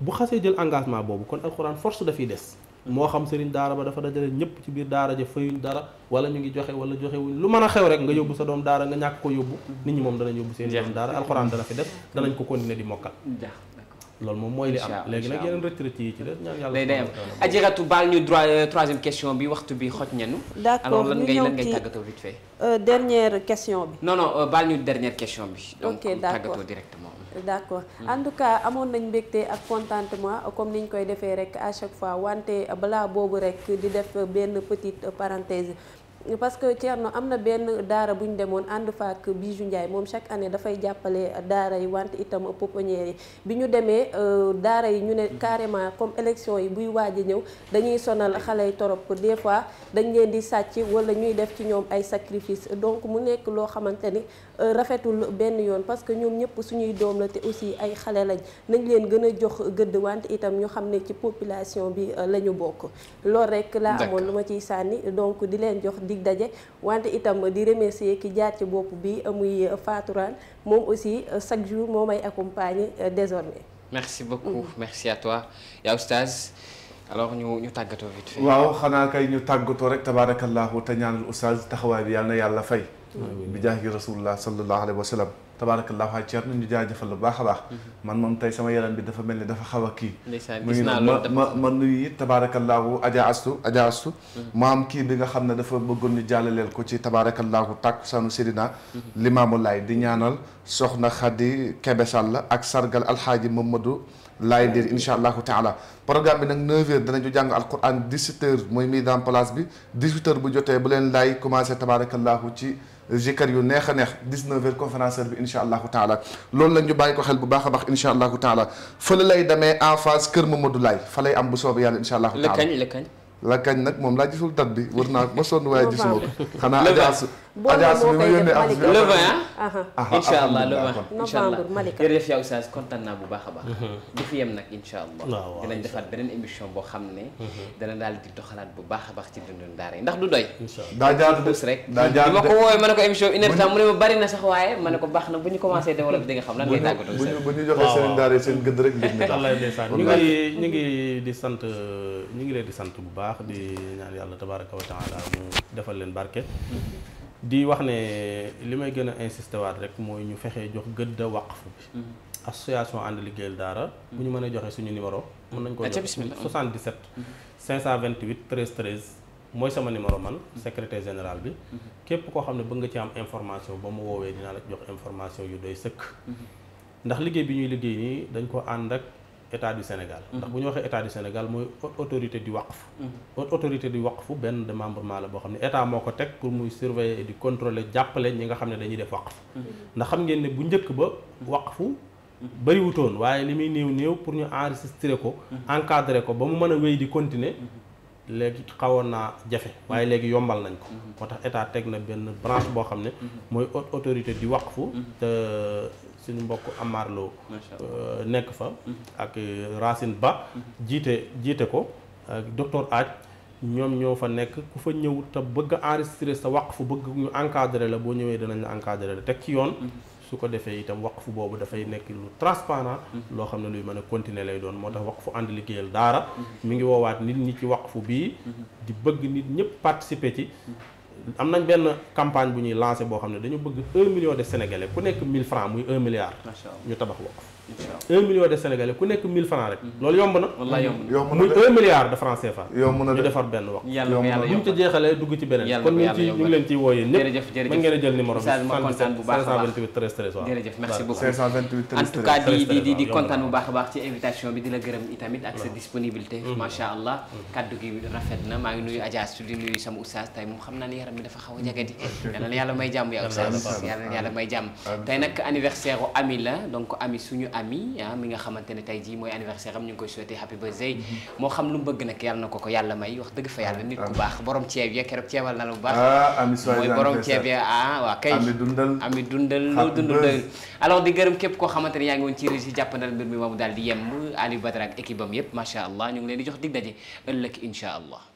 bu xasee jël engagement boobu kon alquran force dafiy des moo xam sëriñ daara ba dafa dajale ñëpp ci biir daara ja fayuñ dara wala ñu ngi joxe wala joxe wuñ lu mën a xew rek nga yóbbu sa doom daara nga ñàkk ko yóbbu nit ñi moom danañ yóbbu seen doom daara alxuraan dana fi def danañ ko continuer di mokkal loolu moom mooy li am léegi nag yeneen retraité yi ci des ñaan yàlla day am Adjaratou baal ñu droit euh, troisième question bi waxtu bi xoj nañu d'accord alors lan ngay lan euh, question bi non non euh, baal ñu dernière question bi d' accord mm. en tout cas amoon nañ mbégte ak contentement comme ni ñu koy defee rek à chaque fois wante balaa boobu rek di def benn petite parenthèse parce que Thierno am na benn daara bu demoon ànd fa ak Bijou Ndiaye moom chaque année dafay jàppale daara yi wante itam pouponnières yi bi ñu demee euh, daara yi ñu ne mm-hmm. carrément comme élection yi buy waaj a ñëw dañuy sonal mm-hmm. xale yi torop des fois dañ leen di sàcc wala ñuy def ci ñoom ay sacrifice donc mu nekk loo xamante ni rafetul benn yoon parce que ñoom ñëpp suñuy doom la te aussi ay xale lañ nañ leen gën a jox gëdd wante itam ñu xam ne ci population bi euh, la ñu bokk loolu rek laa amoon lu ma ciy sànni donc di leen jox di daje wante itam di remercier ki jaar ci bopp bi muy euh, Faturaan moom aussi euh, chaque jour moom may accompagner désormais merci beaucoup mmh. merci à toi yaa oustaz alors ñu ñu tàggatoo vite fait xanaa kay ñu tàggatoo rek tabaarakallaahu te ñaanal oustaz taxawaay bi yàlla na yàlla fay bi jaahi rasulullah sallallahu alayhi wa sallam tabaarakallah waay Thierno ñu jaajëfal lu baax a baax man moom tey sama yaram bi dafa mel ni dafa xaw a kii mu ngi ma ma ma nuyu it tabaarakallahu aja astu aja astu mm-hmm. ma kii bi nga xam ne dafa bëggoon ñu jàllaleel ko ci tabaarakallahu tàkkusaanu Seydina mm-hmm. Limaamu Laay di ñaanal soxna Xadi Kebe Sall ak sargal alxaaji Mamadou Laay Ndir insha allahu taala programme bi nag 9h danañu jàng alquran 17h mooy mise en place bi 18h bu jotee bu leen laay commencé tabaarakallahu ci jikar yu neex a neex 19h conférencière bi incha allahu taala loolu la ñu bàyyi ko xel bu baax a baax incha allahu taala fële lay demee en face kër Mamadou Laye fa lay am bu soobee yàlla incha allahu taala la kañ nag moom laa gisul date bi wër naa ba sonn waaye gisuma ko xanaa boole moo koy def Malika le 20. incha allah le 20 incha allah novembre Malika. bu baax a baax. du fi yem nag incha allah. waaw defaat beneen émission boo xam ne. dana daal di xalaat bu baax a baax ci dundu daara yi ndax du doy. incha allah daa jaadu de rek. daa jaadu ko woowee ma ne ko bari na sax waaye ma ne ko baax na bu ñu commencé développé di nga xam lan ngay tàggatoo. bu ñu ñu joxee ngi ñu ngi di sant ñu ngi leen di sant bu baax di ñaan yàlla tabaraka wa taala mu defal leen barke di wax ne li may gën a insisté waat rek mooy ñu fexee jox gëdd waqf bi mm-hmm. association ànd liggéeyal daara mm-hmm. bu ñu mën a joxe suñu numéro mën nañ ko jox 77 528 13 13 mooy sama numéro man mm-hmm. secretaire général bi képp koo xam ne bëgg nga ci am information ba mu woowee dinaa la jox information yu doy sëkk ndax liggéey bi ñuy liggéey nii dañ ko ànd ak état du Sénégal. Mhm. ndax bu ñu waxee état du Sénégal mooy autorité du waqf. Mhm. autorité du fu benn démembrement la boo xam ne état moo ko teg pour muy surveiller di contrôler jàppale ñi nga xam ne dañuy def waqf. Mhm. ndax xam ngeen ne bu njëkk ba fu bëriwutoon waaye li muy néew néew pour ñu enregistrer ko. encadrer ko ba mu mën a wéy di continuer. léegi xawoon naa jafe waaye léegi yombal nañ ko moo tax état teg na benn branche boo xam ne mooy autorité di waqfu te suñu mbokk Amar Lo euh, nekk fa mhm. ak euh, Racine Ba mhm. jiite jiite ko ak euh, docteur Aaj ñoom ñoo fa nekk ku fa ñëw te bëgg a enregistré sa fu bëgg ñu encadré la boo ñëwee danañ la encadré la teg ci yoon mhm. su ko defee itam fu boobu dafay nekk lu transparent loo xam ne luy mën a continuer lay doon moo tax waqfu ànd liggéeyal daara mi ngi woowaat nit ñi ci fu bii di bëgg nit ñëpp participer ci am nañ benn campagne bu ñuy lancé boo xam ne dañu bëgg un million de sénégalais ku nekk mille francs muy un milliard. ñu tabax un million de sénégalais ku nekk 1000 francs rek mm-hmm. loolu yomb na wallaay yomb milliard de francs CFA ñu defar benn wax buñu na may jàmm yaa oustaz may jàmm tey nag anniversaire ami la donc ami suñu ami ah mi nga xamante ne tey jii mooy anniversaire am ñu ngi koy souhaité happy birthday mm-hmm. moo xam lu mu bëgg nag yàlla na ko ko yàlla may wax dëgg fa yàlla ah, nit baax borom ceeb ya keroog ceebal na la bu baax ah, mooy borom ceeb ya ah, ami dundal loo dundal doyul di gërëm képp koo xamante ne yaa ngi woon ci régie jàppandal mbir mi moomu daal di yem Aliou Badara ak équipe am yépp macha allah ñu leen di jox dig daje ëllëg incha allah